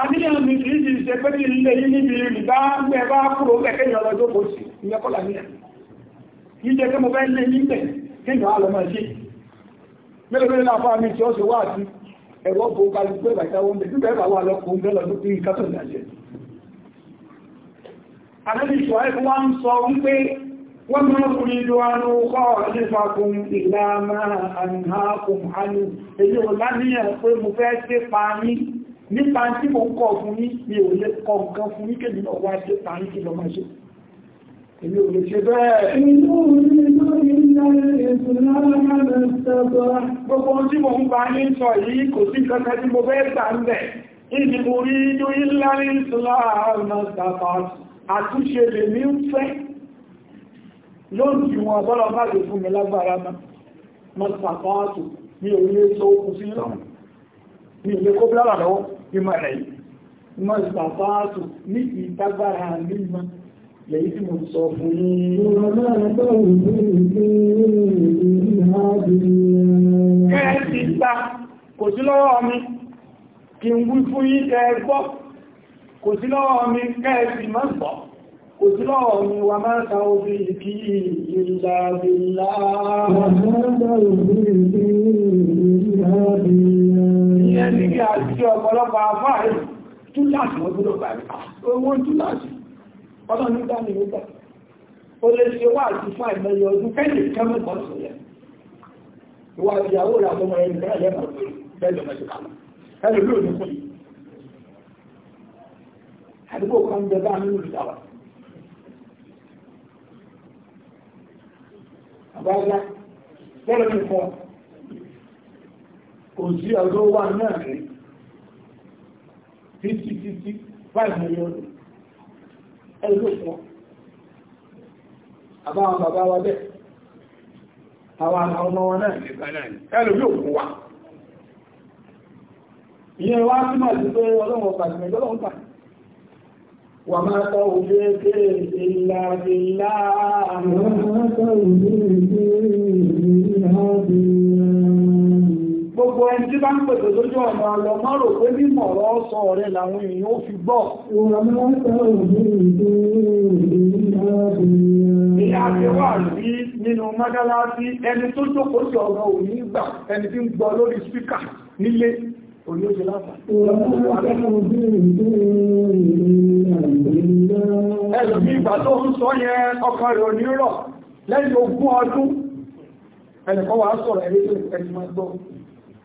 àníyàn mi kìí ti ṣe pé ilé yìí níbi ìrìnbá mẹ́ bá kúrò mẹ́kẹ́ ìyàn lọ́jọ́ kò sí ìyẹ́kọ́lá ní yìí jẹ́ pé mo fẹ́ lé yìí mẹ́ kí ìyàn á lọ máa ṣe mẹ́lẹ̀ mẹ́lẹ̀ náà fáwọn mi tí ó ṣe wá àti ẹ̀rọ bò kalu pé ìbàjáwó ń bẹ̀ tí bẹ́ẹ̀ bá wà lọ́kùnrin nípa tí mo ń kọ́ fún ní mi ò lè kọ́ nǹkan fún ní kèmí náà wá sí pa kí lọ máa ṣe èmi ò lè ṣe bẹ́ẹ̀ ìdí mo rí inú ilá ní ìsúná àrùnà tàbà àtúnṣe lè ní ń fẹ́ lóòjì wọn bọ́lọ̀ bá lè fún mi lágbára mọ́ tàbà ní orílẹ̀-èdè okùn sí lọ́rùn ní ilé kó bí lọ́wọ́ ìmọ̀ràn yìí mọ́ ìsàfáàtù ní ìtagbára mímọ́ lẹ́yìn tí mo sọ fún kò sí lọ́wọ́ mi kí n wí fún yí kẹ́ gbọ́ kò sí lọ́wọ́ mi kẹ́ sì mọ́ sọ kò sí lọ́wọ́ mi wà máa ta orí kí ìlàbìlá ìyẹn ní kí a sí ọ̀pọ̀lọpọ̀ afáàrí túláàsì wọ́n gbọ́dọ̀ gbà owó túláàsì ọlọ́run ní dá nìyẹn gbà ó lè ṣe wá àti fún àìmọye ọdún kẹ́lì kẹ́mẹ́kọ̀ sílẹ̀ ìwà ìyàwó rẹ̀ àtọmọ ẹni bẹ́ẹ̀ lẹ́mọ̀ bẹ́ẹ̀ lọ́mọ ti kà kò sí wà nri, rí títí million ẹgbẹ́ àbáwọn bàbá wa bẹ́ẹ̀ àwọn àwọn ọmọ wọn náà nìkan kú wa ìyẹn wá sí máa ti pé ọlọ́wọ́ pàtàkì ọlọ́wọ́ wà máa tọ́ ẹni tí bá ń pèsè lójú ọ̀nà lọ má rò pé mímọ̀ ọ̀rọ̀ sọ ọ̀rẹ́ làwọn èèyàn ó fi gbọ́. Ìyá ti rí nínú mọ́dálásí ẹni tó jókòó sí ọ̀rọ̀ òní gbà ẹni tí ń gbọ́ lórí spíkà nílé òní ó ìgbà tó ń sọ yẹn ọkàn rẹ̀ òní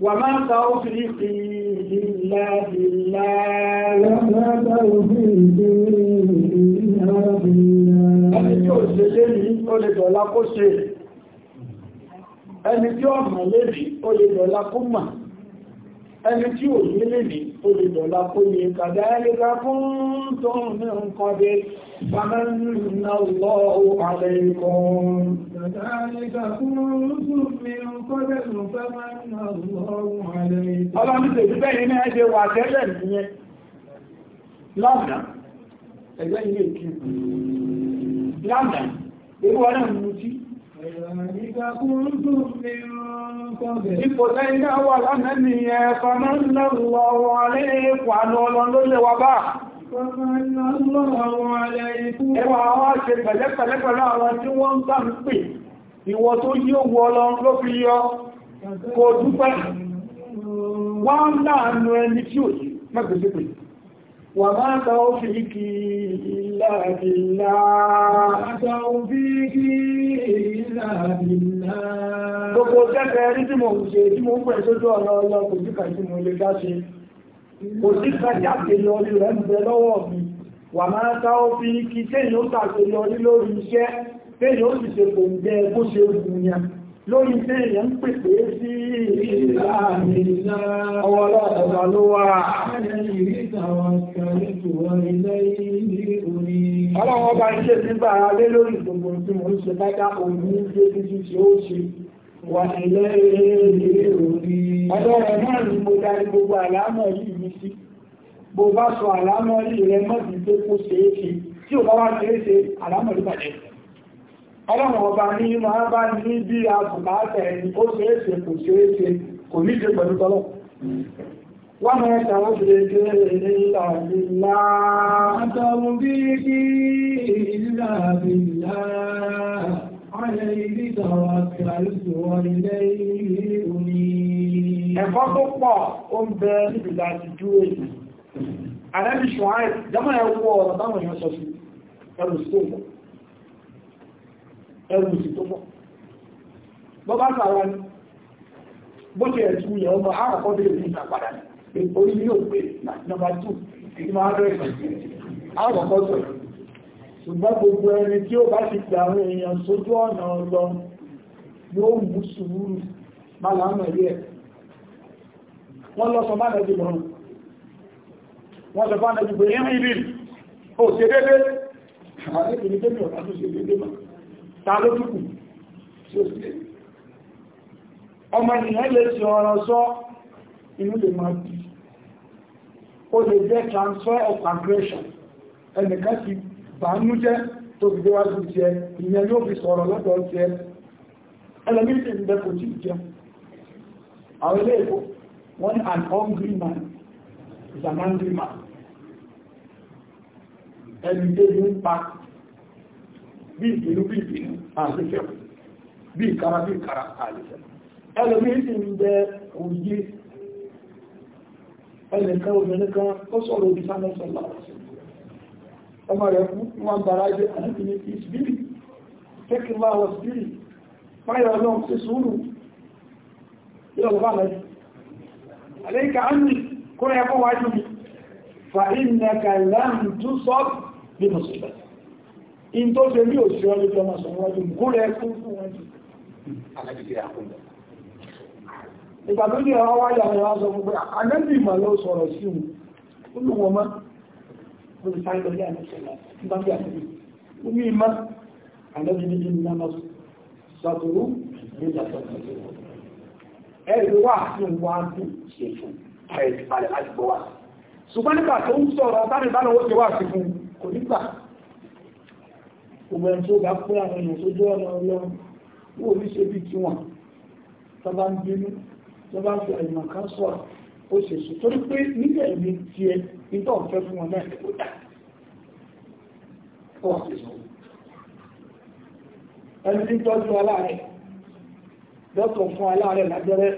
وما توفيقي إلا بالله وما توفيقي إلا بالله ẹni tí ó ṣe lébi ó lè dọ̀lá kó ṣe ẹni tí ó mọ̀ lébi ó lè dọ̀lá kó ẹni tí ò ní lè ní ó lè dọ̀la kó ní kàdáyéká fún tó ní nǹkan dé fàmánà lọ ó àlẹ́ kan. kàdáyéká fún tó ní nǹkan dé fàmánà lọ ó àlẹ́ kan. ọlọ́run tèmi bẹ́ẹ̀ ní ẹ̀jẹ̀ wà tẹ́lẹ̀ nìyẹn lọ́nà ẹgbẹ́ ilé ìkí lọ́nà ewu ọlọ́run mutí. Ipò tẹ́yìnká wà lánàá ni ẹ fọ́nà lọ́wọ́ alẹ́ ẹ̀kọ́ àánú ọlọ́run ló lè wà bá. Ẹwà tó yí òwú ọlọ́run ló fi yọ, kò dúpẹ́. Wọ́n láàánú ẹni tí ò sí, mẹ́gbẹ̀ẹ́ وما توفيقي إلا بالله Gbogbo jẹ́kẹ̀ rí tí mo ṣe tí mo ń pẹ̀ sójú ọ̀rọ̀ ọlọ́ kò sí tí mo lè dá ṣe. Kò sí kàí àtẹ̀lẹ̀ orí rẹ̀ ń bẹ lọ́wọ́ mi. Wà máa ta ó fi kí tẹ́yìn ó tàṣẹ̀lẹ̀ orí lórí iṣẹ́, tẹ́yìn ó sì ṣe kò ń jẹ bó ṣe gùn yàn lórí tí èyàn ń pèsè sí ọwọ́ ọlọ́ọ̀dọ́dọ́ ló wà. wà ilẹ̀ èrè òní. rẹ̀ náà ni mo darí gbogbo àlámọ̀ yìí mi sí. Bó bá sọ àlámọ̀ yìí rẹ̀ mọ́ sí pé kó ṣeé ṣe, tí ò bá wá ṣeé ṣe àlámọ̀ ló ọlọ́run ọba ní máa bá ní bí a bùkátà ẹni ó ṣe é ṣe kò ṣe é ṣe kò ní ṣe pẹ̀lú tọ́lọ̀ wọ́n máa ṣàwọn ṣe ṣe ní ìlàbílá àtàwọn bí i ìlàbílá ọ̀rẹ́ ilé ìtàwà kìláyìí wọ́n ilé ìrìnì ẹ̀kọ́ tó pọ̀ ó ń bẹ níbi láti dúró yìí àrẹ́bìṣùn àìsí jẹ́mọ̀ ẹ̀wọ́ ọ̀rọ̀ táwọn èèyàn sọ sí ẹrù stóòmù ẹrù sí tó pọ̀ bọ́ sára ní bó ṣe ẹ̀tù yẹ ọmọ àkọ́kọ́ dé ìlú ìta padà ní orí ní òpè nọ́mbà 2 èyí máa rẹ̀ àkọ́kọ́ sọ̀rọ̀ ṣùgbọ́n gbogbo ẹni tí ó bá ti pè àwọn èèyàn sójú ọ̀nà mú sùúrù má ẹ̀ wọ́n lọ sọ bánà jù wọ́n sọ bánà jù pé ìrìn ò ṣe dédé àwọn ọ̀tá tó ṣe dédé máa ta ló túkù tí ó sílẹ̀ ọmọ ènìyàn lè ṣe ọ̀rọ̀ sọ inú lè máa bí ó lè jẹ́ transfer of aggression ẹnìkan ti bàánújẹ́ tó fi déwájú ti ẹ ìyẹn yóò fi sọ̀rọ̀ lọ́dọ̀ ti ẹ ẹlẹ́mìtì ń bẹ kò tí jẹ àwọn ilé ìbò wọ́n an hungry man is an angry man ẹni tẹ́lú pa bí ìbínú bí ìbínú àlefẹ́ bí ìkara bí ìkara àlefẹ́ ẹlòmíín sì ń bẹ òye ẹnìkan obìnrin kan ó sọ̀rọ̀ òbí sáná sọ̀lá ọmọ rẹ̀ fún wọn bàrá jẹ́ àdínkìní ìsbírì tẹ́kìlá wọ sbírì fáyọ̀ ọlọ́run sí sùúrù yóò bá lẹ́yìn àlẹ́kà ánì kó ẹ̀kọ́ wájú mi fa ìnẹ̀kà lẹ́mù tún sọ́ọ̀bù bí mùsùlùmí in tó ṣe bí òṣìṣẹ́ ọdún tó máa sọ̀rọ̀ ọdún kó rẹ̀ fún fún wọn jù alájìdí àkójọ ìgbà tó ní ọwọ́ wáyé àwọn ọwọ́ sọ fún pé àgbẹ́bí ìmọ̀ ló sọ̀rọ̀ sí òun ó lù wọ́n mọ́ olùsáré lórí àmìṣẹ́lá nígbà bí àti omi ìmọ̀ àgbẹ́bí ní ìmọ̀ náà sọ̀tòrò ní ìjàtọ̀ ẹ̀rì wà fún wa dùn ṣe fún ẹ̀rì balẹ̀ láti gbọ́ gbogbo ẹni tó bá pé àwọn èèyàn tó jọ ọ̀nà ọlọ́run wó orí ṣe bí kí wọn tó bá ń bínú tó bá ń fi àìmọ̀ kan sọ ó ṣe sùn torí pé nílẹ̀ ìlú tiẹ̀ nítọ̀ fẹ́ fún wọn náà ó dà ó wà sí sọ ẹni tí tọ́jú aláàrẹ̀ dọ́tọ̀ fún aláàrẹ̀ lábẹ́rẹ́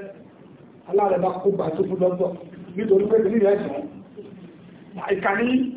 aláàrẹ̀ bá kó gbà tó fún dọ́tọ̀ nítorí pé nílẹ̀ ẹ̀sán àìkàní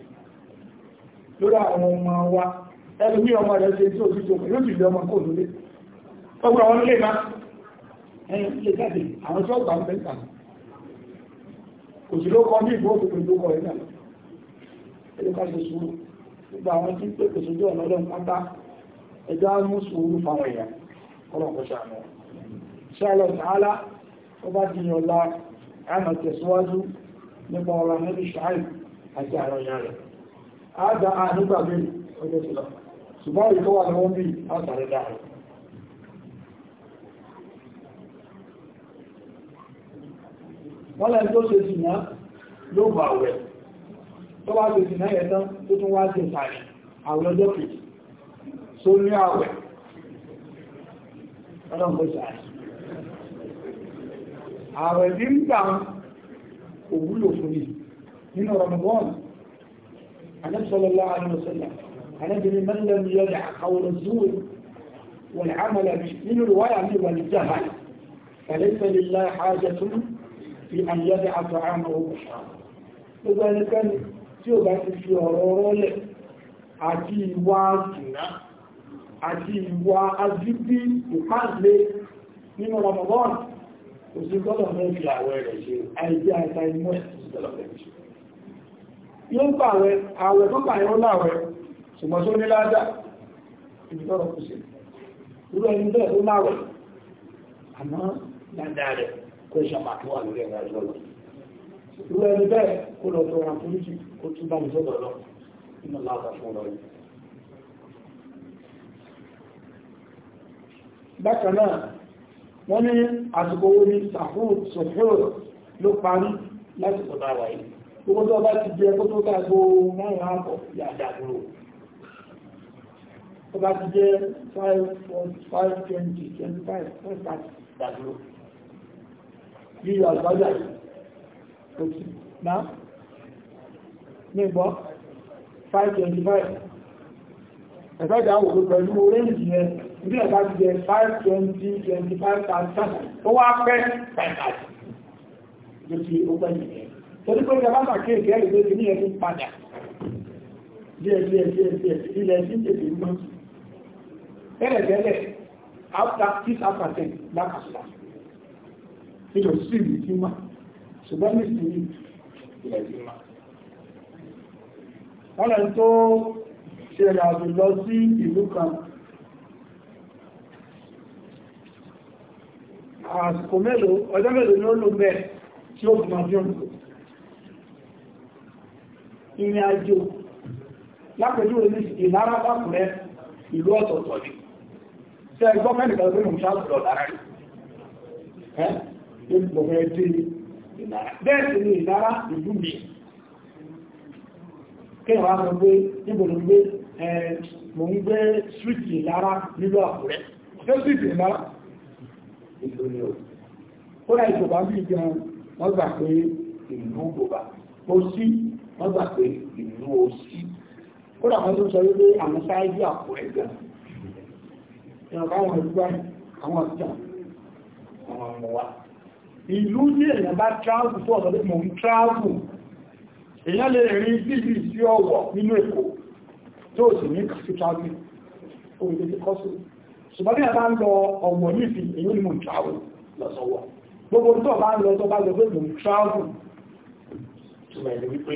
lórí àwọn ọmọ wa ẹlùmí ọmọ rẹ̀ ṣe tí ó sì tókù yóò sì lé ọmọ kò lólé ọgbà wọn lè máa ẹ̀yìn lè jáde àwọn tí ó gbà ń bẹ́ ìtàn kò sí ló kọ́ ní ìgbó òkú tó kọ̀ ìrìnà ẹjọ́ ká ṣe sùúrù gbogbo àwọn tí ń pè pèsè ojú ọ̀nà ọlọ́run pátá ẹjọ́ á mú sùúrù fáwọn èèyàn ọlọ́pọ̀ ṣàmọ́ ṣe àlọ́ ó bá di ọ̀la àmọ̀ tẹ̀síwájú nípa ọ̀la níbi ṣáàì àti àwọn rẹ̀ àádá ah, nígbàgbé ọjọ́ ìṣẹ́lá ṣùgbọ́n ìkọ́ wà ní wọ́n bí àtàrí dáa wọ́n lẹ́ni tó ṣe jìnà ló bà wẹ̀ tó bá ṣe jìnà yẹ̀ tán tó tún wá ṣe tààrí àwọn ọjọ́ kìí só ní àwẹ̀ ọlọ́pọ̀ ṣàrí àwẹ̀ bí ń gbà òwúlò fún ní النبي صلى الله عليه وسلم النبي من لم يدع قول الزور والعمل به من الوهم والجهل فليس لله حاجة في أن يدع طعامه وشرابه وذلك tí ó bá ti fi ọ̀rọ̀ rọ́lẹ̀ àti ìwà àtìná àti ìwà agbígbí ìpáàlẹ̀ nínú Ramadan kò sí gbọ́dọ̀ mẹ́fì àwẹ̀ rẹ̀ ṣe àìjẹ́ àìta imọ́ ìsìnkú yóò gbà àwẹ̀ àwẹ̀ tó gbà yóò láwẹ̀ ṣùgbọ́n tó ní ládá ìdíkọ́rọ̀ kù sí irú ẹni bẹ́ẹ̀ tó láwẹ̀ àmọ́ ládá rẹ̀ kó ṣàpàtó wà lórí ẹ̀rọ ìjọlọ irú ẹni bẹ́ẹ̀ kó lọ tó ra fúrújì kó tún bá mi sọ́dọ̀ lọ nínú fún ọ bákan náà wọ́n ní àsìkò ló owó tó bá ti jẹ kó tó káàgbó márùn-ún àpọ̀ yà dàgbòrò tó bá ti jẹ 5.520 dàgbòrò yíyọ àgbájá òtù náà nígbọ́ 525 ẹ̀fẹ́dà òkú pẹ̀lú orénjì yẹn ní ẹ̀bá ti jẹ 520 25,000 tó wá pẹ́ 5,000 ló ti ó pẹ́ nìyẹn torí pé ìjọba àkàkẹ́ ìgbẹ́ ìlú ti ní ẹ̀sùn padà díẹ̀ díẹ̀ díẹ̀ díẹ̀ ilẹ̀ sí tètè mọ́ tẹ́lẹ̀tẹ́lẹ̀ after six after ten lákàtà nílò sí ìlú tí mọ́ ṣùgbọ́n ní sí ilẹ̀ tí mọ́ wọ́n lẹ́n tó ṣe ìrìnàjò lọ sí ìlú kan àsìkò mélòó ọjọ́ mélòó ni ó lò ìrìn àjò lápẹjú orí ìlara lápùrẹ́ ìlú ọ̀tọ̀ọ̀tọ̀ ni tẹ́ ẹgbọ́n mẹ́rin kan lórí ìmúṣà lọ lára rí ẹ́ ìgbọ̀gbọ̀ ẹdí ìlara bẹ́ẹ̀ sì ni ìlara ìlú mi kéèyàn wá sọ pé níbo ló gbé mò ń gbé síríìtì ìlara nílò àpùrẹ́ ṣé síríìtì ìlara ìlú ni ó kó láì tó bá bí gan wọ́n gbà pé ìlú gbogbo kò sí wọ́n gbà pé ìlú òsì kódà wọ́n tó sọ wípé àwọn sáájú àpò ẹ̀gà ìrànlọ́wọ́ àwọn ẹgbẹ́ àwọn ọ̀tá àwọn ọmọ wa ìlú ní èèyàn bá tráàbù tó ọ̀sọ̀ lẹ́mọ̀ ń tráàbù èèyàn lè rí bíbí sí ọwọ̀ nínú èkó tó sì ní kàfí tráàbù orílẹ̀ èdè kọ́sù ṣùgbọ́n bí a bá ń lọ ọ̀wọ̀ nífi èyí ni mo ń tráàbù lọ́sọ̀wọ̀ gbogbo tó bá ń lọ tó bá lọ pé mo ń tráàbù tó bẹ̀rẹ̀ wípé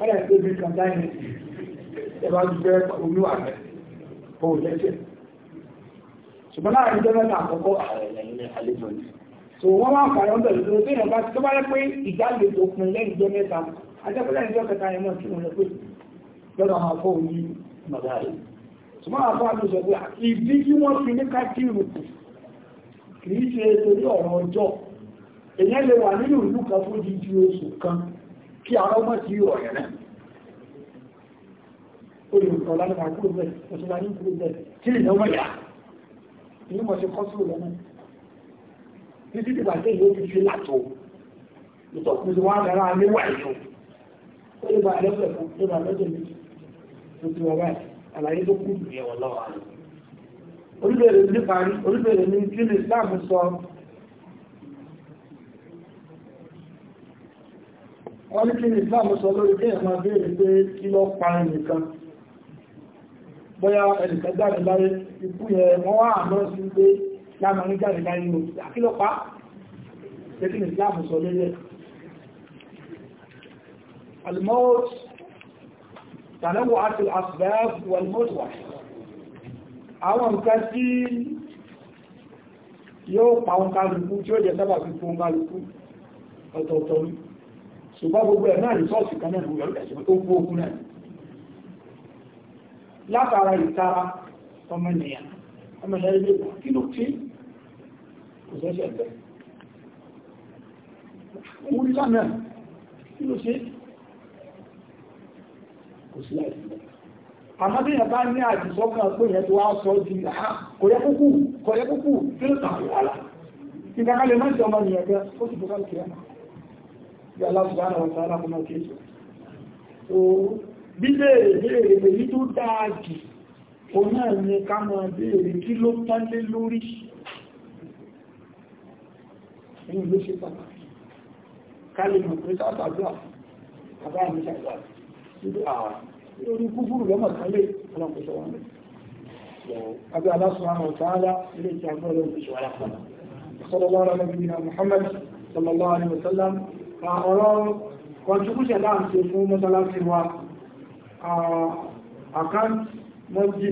ọ̀rẹ́ ẹ̀ tóbi kan dáìní ẹ̀bá gbẹ́ olúwa rẹ̀ kò lẹ́sẹ̀ ṣùgbọ́n láàrin jẹ́ mẹ́ta àkọ́kọ́ àlejò ni so wọ́n máa ń pààyàn ń bẹ̀rẹ̀ lórí pé ìrọ̀bá tó bá rẹ̀ pé ìdálejò òpin lẹ́yìn jẹ́ mẹ́ta ajẹ́kọ́lẹ́ ìjọ kẹta ẹ̀mọ́ kí wọ́n lọ pé lọ́dọ̀ àwọn afọ́ òní màdá rẹ̀ ṣùgbọ́n àwọn afọ́ àlejò pé ìdí tí wọ́n fi ní kákìrù kù kì í ṣe torí ọ̀rọ̀ ọjọ́ èèyàn lè wà nínú ìlú kan fún jíjí oṣù kan kí ara ọmọ sí ọ̀yẹ̀ náà olùkọ́ lánàá kúrò bẹ́ẹ̀ òṣèlú ayé kúrò bẹ́ẹ̀ kí lè lọ́wọ́ yá èyí mọ̀ sí kọ́sùrù lọ́nà títí ti bàtẹ́ yóò fi fi látò ìtọ̀kùn sí wọn lára níwà ètò ó lè ba ẹlẹ́fẹ̀ fún lè ba lọ́jọ́ méjì tó ti wọ́n báyìí àlàyé tó kú ìyẹ̀wọ̀ lọ́wọ́ wọ́n ní kí ní Islam sọ lórí kí ẹ̀mà béèrè pé kí lọ pa ẹnìkan bóyá ẹnìkan jáde láyé ikú yẹ wọ́n wá àmọ́ sí pé láàmà ní jáde láyé ló kí lọ pa pé kí ní Islam sọ lórí ẹ̀ الموت تنوعت الأسباب والموت واحد àwọn nǹkan tí yóò pa òǹkàlùkú tí ó jẹ sábà fi fún òǹkàlùkú ṣùgbọ́n gbogbo ẹ̀ náà rìsọ́ọ̀sì kan náà lórí ẹ̀ṣẹ̀ tó kú okú náà látara ìtara ọmọnìyàn ọmọnìyàn ilé kí ló tí kò sẹ́sẹ̀ bẹ̀ orí lánàá kí ló ṣe kò sí láì àmọ́ bí ìyàbá ní àjíṣọ́kàn pé ìyẹn tó wá sọ di kọ̀yẹ́kúkú kọ̀yẹ́kúkú tí ó tààrí wà láà ìgbàkalẹ̀ mọ́ ìjọba ìyẹ̀kẹ́ ó bí aláàbùgbàrà ọ̀tà aláàbùgbàrà kéjì o bíbèrè bèèrè èyí tó dáa jù o náà ní ká máa bèèrè kí ló tánlé lórí ẹni ló ṣe pàtàkì kálẹ̀ mọ̀ pé sáàtàdúrà àbá àmì sáàtàdúrà níbi àwọn lórí kúfúrù lọ́mọ̀ kálẹ̀ ọlọ́pẹ̀ṣọ́ wọn lẹ́ أبي الله سبحانه وتعالى إليك أقول لكم صلى الله على نبينا محمد صلى الله عليه وسلم ọ̀rọ̀ contribution láà ń ṣe fún mọ́sálásí wa account mọ́jì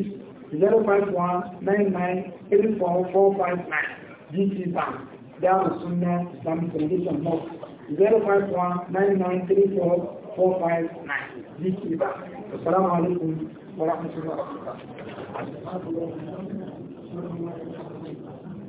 05199844459 GT bank dáhùn súnmọ́ islamic foundation mosque 05199344599 GT bank assalamu alaikum wa rahmatullahi wa barakatuh